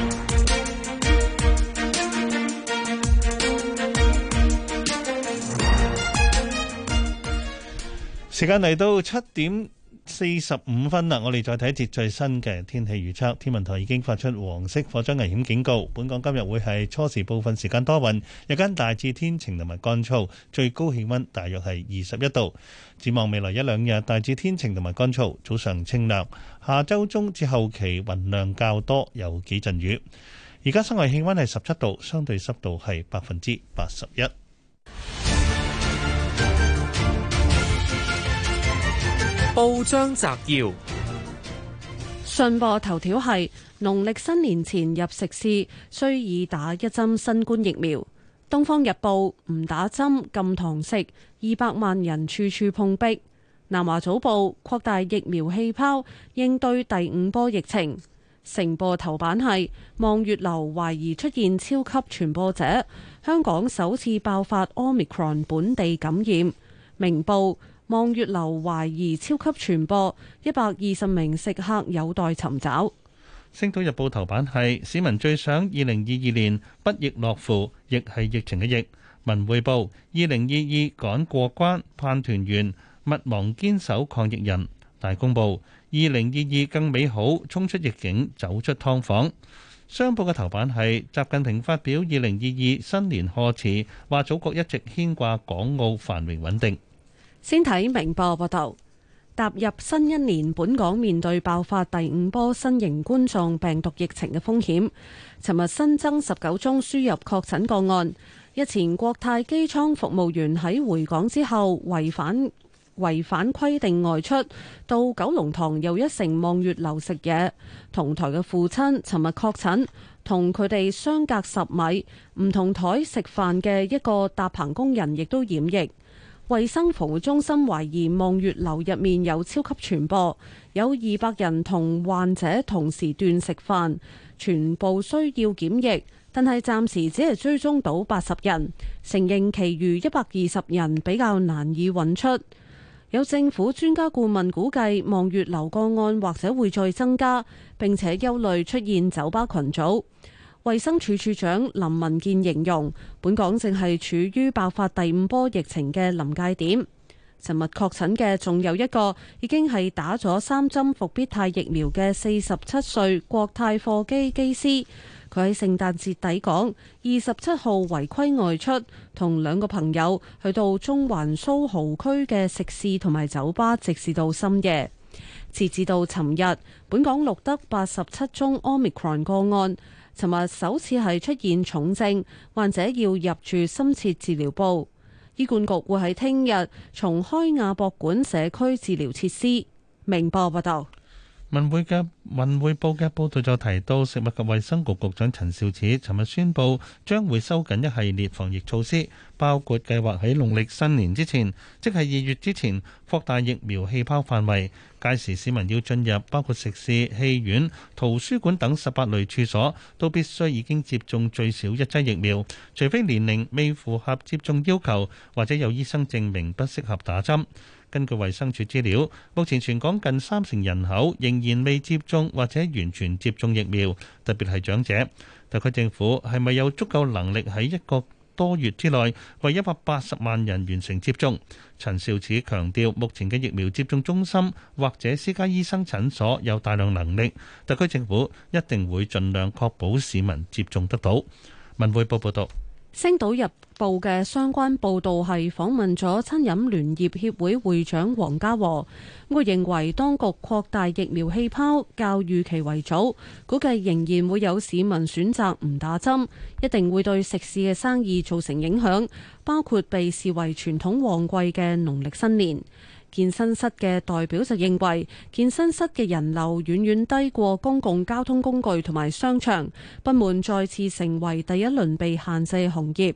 時間嚟到七點四十五分啦，我哋再睇一節最新嘅天氣預測。天文台已經發出黃色火災危險警告。本港今日會係初時部分時間多雲，日間大致天晴同埋乾燥，最高氣溫大約係二十一度。展望未來一兩日，大致天晴同埋乾燥，早上清涼，下周中至後期雲量較多，有幾陣雨。而家室外氣溫係十七度，相對濕度係百分之八十一。報章摘要：信報頭條係農曆新年前入食肆需已打一針新冠疫苗。東方日報唔打針禁堂食，二百萬人處處碰壁。南華早報擴大疫苗氣泡，應對第五波疫情。成報頭版係望月樓懷疑出現超級傳播者，香港首次爆發 Omicron 本地感染。明報。望月樓懷疑超級傳播，一百二十名食客有待尋找。星島日報頭版係市民最想二零二二年不亦樂乎，亦係疫情嘅疫。文匯報二零二二趕過關盼團圓，勿忘堅守抗疫人。大公報二零二二更美好，衝出逆境，走出劏房。商報嘅頭版係習近平發表二零二二新年賀詞，話祖國一直牽掛港澳繁榮穩定。先睇明報報道，踏入新一年，本港面對爆發第五波新型冠狀病毒疫情嘅風險。尋日新增十九宗輸入確診個案。日前，國泰機艙服務員喺回港之後違反違反規定外出，到九龍塘又一城望月樓食嘢。同台嘅父親尋日確診，同佢哋相隔十米，唔同台食飯嘅一個搭棚工人亦都染疫。衛生防護中心懷疑望月樓入面有超級傳播，有二百人同患者同時段食飯，全部需要檢疫，但係暫時只係追蹤到八十人，承認其餘一百二十人比較難以揾出。有政府專家顧問估計望月樓個案或者會再增加，並且憂慮出現酒吧群組。衛生署署長林文健形容，本港正係處於爆發第五波疫情嘅臨界點。尋日確診嘅仲有一個，已經係打咗三針復必泰疫苗嘅四十七歲國泰貨機機師。佢喺聖誕節抵港，二十七號違規外出，同兩個朋友去到中環蘇豪區嘅食肆同埋酒吧，直至到深夜。截至到尋日，本港錄得八十七宗 Omicron 個案。尋日首次係出現重症患者要入住深切治療部，醫管局會喺聽日重開亞博館社區治療設施。明報報道。文匯嘅文匯報嘅報導就提到，食物及衛生局局長陳肇始尋日宣布，將會收緊一系列防疫措施，包括計劃喺農曆新年之前，即係二月之前擴大疫苗氣泡範圍。屆時，市民要進入包括食肆、戲院、圖書館等十八類處所，都必須已經接種最少一劑疫苗，除非年齡未符合接種要求，或者有醫生證明不適合打針。根據衛生署資料，目前全港近三成人口仍然未接種或者完全接種疫苗，特別係長者。特區政府係咪有足夠能力喺一個多月之內，為一百八十萬人完成接種。陳肇始強調，目前嘅疫苗接種中心或者私家醫生診所有大量能力，特區政府一定會盡量確保市民接種得到。文匯報報道。星島日報嘅相關報道係訪問咗餐飲聯業協會會長黃家和，佢認為當局擴大疫苗氣泡較預期為早，估計仍然會有市民選擇唔打針，一定會對食肆嘅生意造成影響，包括被視為傳統旺季嘅農曆新年。健身室嘅代表就認為，健身室嘅人流遠遠低過公共交通工具同埋商場，不滿再次成為第一輪被限制嘅行業。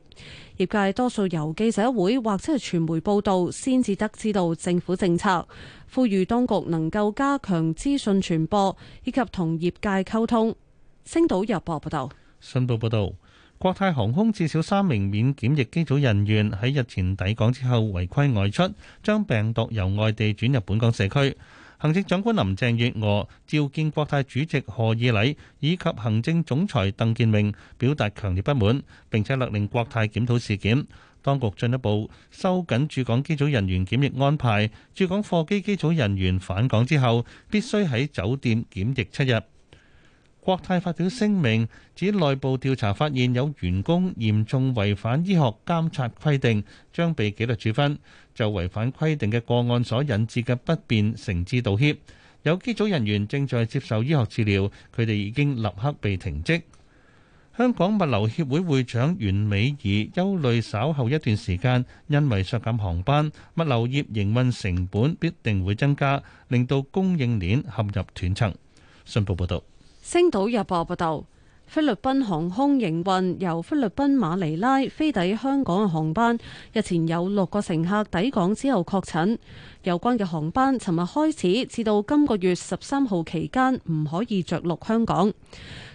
業界多數由記者會或者係傳媒報道先至，得知道政府政策，呼籲當局能夠加強資訊傳播以及同業界溝通。星島日報報道，信報報道。國泰航空至少三名免檢疫機組人員喺日前抵港之後違規外出，將病毒由外地轉入本港社區。行政長官林鄭月娥召見國泰主席賀以禮以及行政總裁鄧健榮，表達強烈不滿，並且勒令國泰檢討事件。當局進一步收緊駐港機組人員檢疫安排，駐港貨機機組人員返港之後，必須喺酒店檢疫七日。國泰發表聲明，指內部調查發現有員工嚴重違反醫學監察規定，將被紀律處分。就違反規定嘅個案所引致嘅不便，誠致道歉。有機組人員正在接受醫學治療，佢哋已經立刻被停職。香港物流協會會長袁美儀憂慮，稍後一段時間因為削減航班，物流業營運成本必定會增加，令到供應鏈陷入斷層。信報報道。星島日報報道，菲律賓航空營運由菲律賓馬尼拉飛抵香港嘅航班，日前有六個乘客抵港之後確診，有關嘅航班，尋日開始至到今個月十三號期間唔可以着陸香港。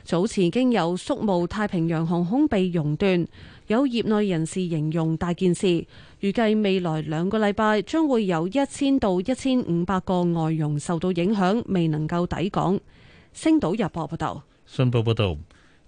早前已經有宿霧太平洋航空被熔斷，有業內人士形容大件事，預計未來兩個禮拜將會有一千到一千五百個外傭受到影響，未能夠抵港。星島日報報道，信報報道，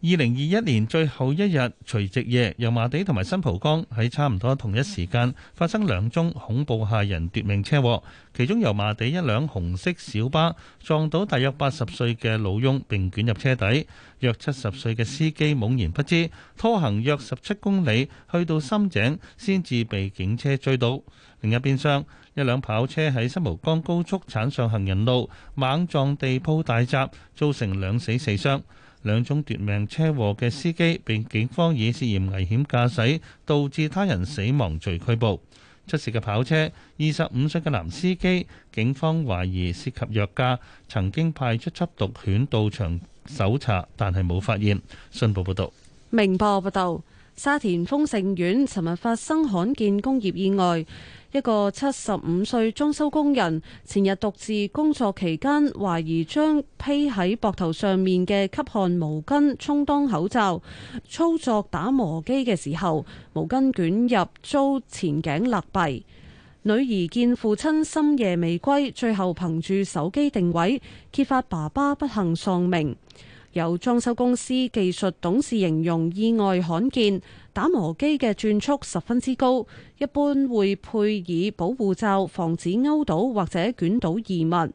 二零二一年最後一日除夕夜，油麻地同埋新蒲崗喺差唔多同一時間發生兩宗恐怖嚇人奪命車禍。其中油麻地一輛紅色小巴撞到大約八十歲嘅老翁，並捲入車底，約七十歲嘅司機懵然不知，拖行約十七公里去到深井，先至被警車追到。另一邊廂，一輛跑車喺新毛江高速鏟上行人路，猛撞地鋪大閘，造成兩死四傷。兩宗奪命車禍嘅司機被警方以涉嫌危險駕駛導致他人死亡罪拘捕。出事嘅跑車，二十五歲嘅男司機，警方懷疑涉及藥駕，曾經派出緝毒犬到場搜查，但係冇發現。信報報道，明報報道，沙田豐盛苑尋日發生罕見工業意外。一個七十五歲裝修工人前日獨自工作期間，懷疑將披喺膊頭上面嘅吸汗毛巾充當口罩，操作打磨機嘅時候，毛巾捲入遭前頸勒斃。女兒見父親深夜未歸，最後憑住手機定位揭發爸爸不幸喪命。有裝修公司技術董事形容意外罕見。打磨機嘅轉速十分之高，一般會配以保護罩，防止勾倒或者捲倒異物。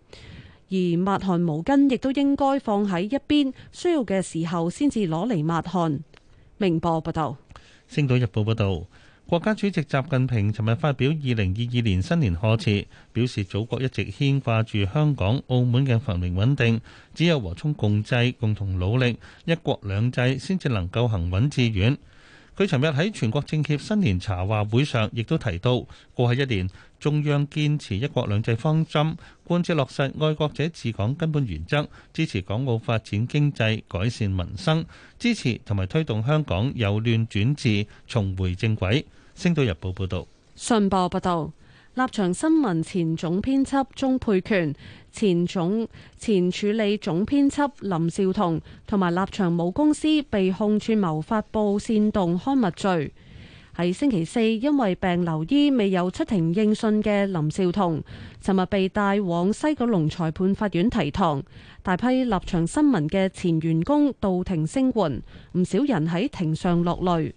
而抹汗毛巾亦都應該放喺一邊，需要嘅時候先至攞嚟抹汗。明報報道：《星島日報》報道，國家主席習近平尋日發表二零二二年新年賀詞，表示祖國一直牽掛住香港、澳門嘅繁榮穩定，只有和衷共濟，共同努力，一國兩制先至能夠行穩致遠。佢尋日喺全國政協新年茶話會上，亦都提到過去一年，中央堅持一國兩制方針，貫徹落實愛國者治港根本原則，支持港澳發展經濟、改善民生，支持同埋推動香港由亂轉治、重回正軌。星島日報報道。信報報道。立場新聞前總編輯鍾沛權、前總前署理總編輯林紹桐，同埋立場母公司被控串謀發佈煽動刊物罪，喺星期四因為病留醫未有出庭應訊嘅林紹桐，尋日被帶往西九龍裁判法院提堂。大批立場新聞嘅前員工到庭聲援，唔少人喺庭上落淚。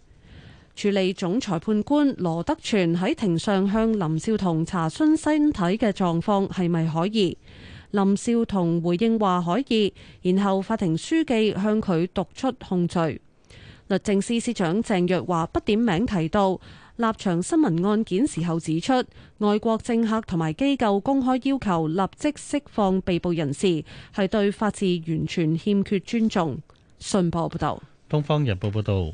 處理總裁判官羅德全喺庭上向林少彤查詢身體嘅狀況係咪可以。林少彤回應話可以，然後法庭書記向佢讀出控罪。律政司司長鄭若驊不點名提到立場新聞案件時候指出，外國政客同埋機構公開要求立即釋放被捕人士，係對法治完全欠缺尊重。信報報道，《東方日報》報道。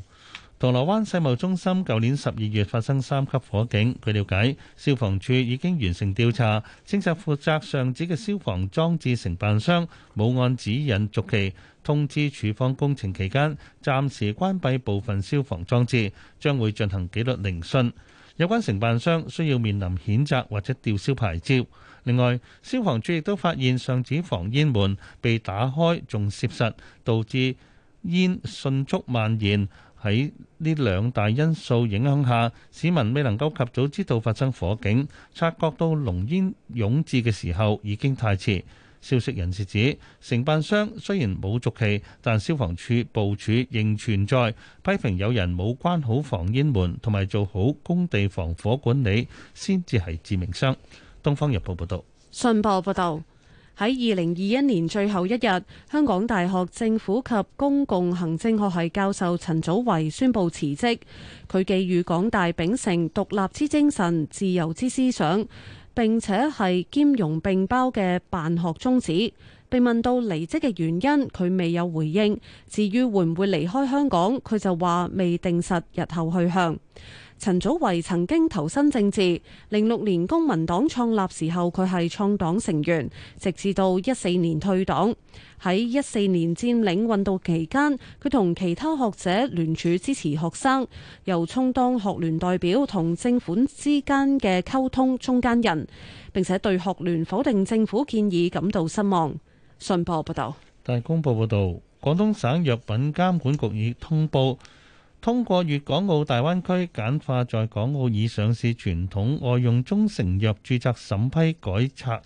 銅鑼灣世貿中心舊年十二月發生三級火警。據了解，消防處已經完成調查，證實負責上址嘅消防裝置承辦商冇按指引續期通知處方工程期間，暫時關閉部分消防裝置，將會進行紀律聆訊。有關承辦商需要面臨譴責或者吊銷牌照。另外，消防處亦都發現上址防煙門被打開，仲涉實導致煙迅速蔓延。喺呢兩大因素影響下，市民未能夠及早知道發生火警，察覺到濃煙湧至嘅時候已經太遲。消息人士指，承辦商雖然冇續期，但消防處部署仍存在。批評有人冇關好防煙門，同埋做好工地防火管理，先至係致命傷。《東方日報》報道，信報報道。喺二零二一年最後一日，香港大學政府及公共行政學系教授陳祖維宣布辭職。佢寄語港大秉承獨立之精神、自由之思想，並且係兼容並包嘅辦學宗旨。被問到離職嘅原因，佢未有回應。至於會唔會離開香港，佢就話未定實日後去向。陳祖維曾經投身政治，零六年公民黨創立時候，佢係創黨成員，直至到一四年退黨。喺一四年佔領運動期間，佢同其他學者聯署支持學生，又充當學聯代表同政府之間嘅溝通中間人，並且對學聯否定政府建議感到失望。信報報導，大公報報道，廣東省藥品監管局已通報，通過粵港澳大灣區簡化在港澳已上市傳統外用中成藥註冊審批改策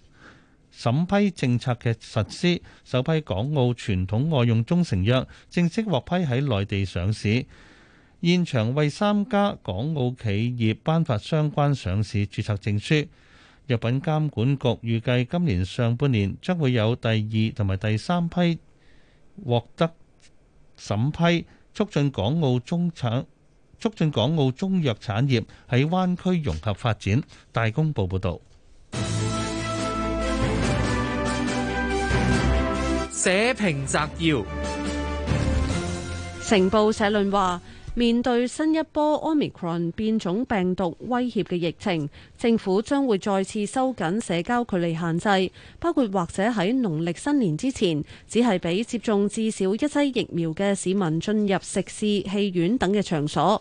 審批政策嘅實施，首批港澳傳統外用中成藥正式獲批喺內地上市。現場為三家港澳企業頒發相關上市註冊證書。藥品監管局預計今年上半年將會有第二同埋第三批獲得審批，促進港澳中產促進港澳中藥產業喺灣區融合發展。大公報報道，社評摘要，成報社論話。面對新一波 Omicron 變種病毒威脅嘅疫情，政府將會再次收緊社交距離限制，包括或者喺農曆新年之前，只係畀接種至少一劑疫苗嘅市民進入食肆、戲院等嘅場所。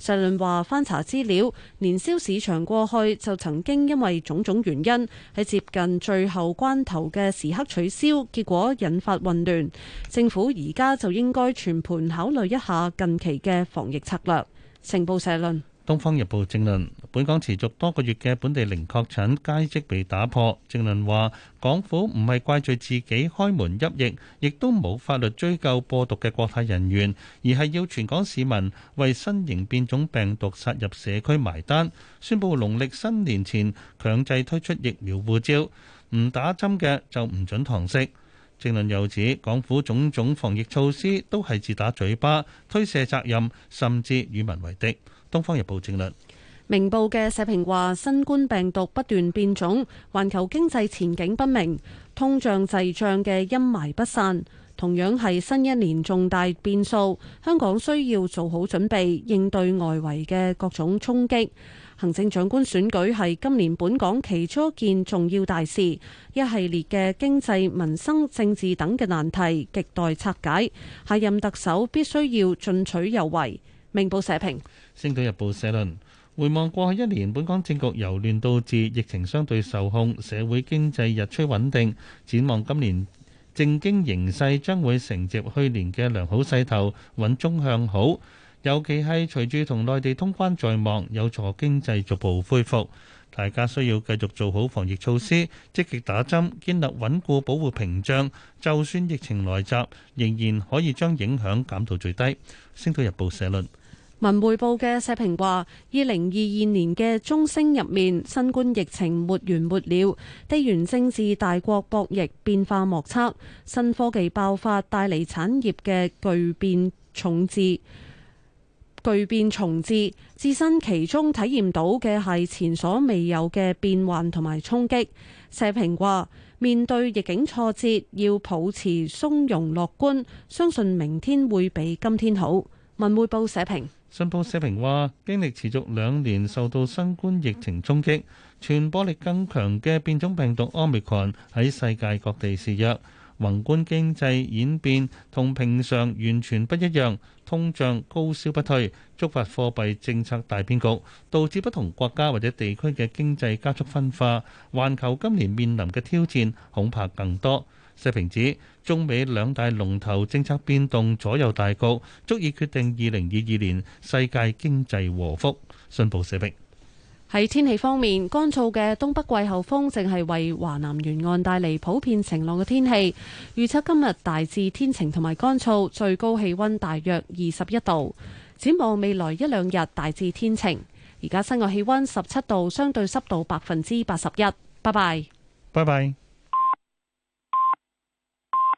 社論話翻查資料，年宵市場過去就曾經因為種種原因，喺接近最後關頭嘅時刻取消，結果引發混亂。政府而家就應該全盤考慮一下近期嘅防疫策略。成報社論。《東方日報》正論：本港持續多個月嘅本地零確診佳績被打破。正論話，港府唔係怪罪自己開門入疫，亦都冇法律追究播毒嘅國泰人員，而係要全港市民為新型變種病毒殺入社區埋單。宣布農曆新年前強制推出疫苗護照，唔打針嘅就唔準堂食。正論又指，港府種種防疫措施都係自打嘴巴、推卸責任，甚至與民為敵。《東方日報》正論。明報嘅社評話：新冠病毒不斷變種，環球經濟前景不明，通脹滯脹嘅陰霾不散，同樣係新一年重大變數。香港需要做好準備，應對外圍嘅各種衝擊。行政長官選舉係今年本港其中一件重要大事，一系列嘅經濟、民生、政治等嘅難題，亟待拆解。下任特首必須要進取有為。明報社評。《星島日報》社論：回望過去一年，本港政局由亂到治，疫情相對受控，社會經濟日趨穩定。展望今年政經形勢，將會承接去年嘅良好勢頭，穩中向好。尤其係隨住同內地通關在望，有助經濟逐步恢復。大家需要繼續做好防疫措施，積極打針，建立穩固保護屏障。就算疫情來襲，仍然可以將影響減到最低。《星島日報》社論。文匯報嘅社評話：二零二二年嘅鐘聲入面，新冠疫情沒完沒了，地緣政治大國博弈變化莫測，新科技爆發帶嚟產業嘅巨變重置。巨變重置，置身其中體驗到嘅係前所未有嘅變幻同埋衝擊。社評話：面對逆境挫折，要保持松容樂觀，相信明天會比今天好。文匯報社評。信報社評話，經歷持續兩年受到新冠疫情衝擊、傳播力更強嘅變種病毒 Omicron 喺世界各地肆虐。宏觀經濟演變同平常完全不一樣，通脹高燒不退，觸發貨幣政策大變局，導致不同國家或者地區嘅經濟加速分化，環球今年面臨嘅挑戰恐怕更多。社評指。中美兩大龍頭政策變動左右大局，足以決定二零二二年世界經濟禍福。信報社評。喺天氣方面，乾燥嘅東北季候風淨係為華南沿岸帶嚟普遍晴朗嘅天氣。預測今日大致天晴同埋乾燥，最高氣温大約二十一度。展望未來一兩日大致天晴。而家室外氣温十七度，相對濕度百分之八十一。拜拜。拜拜。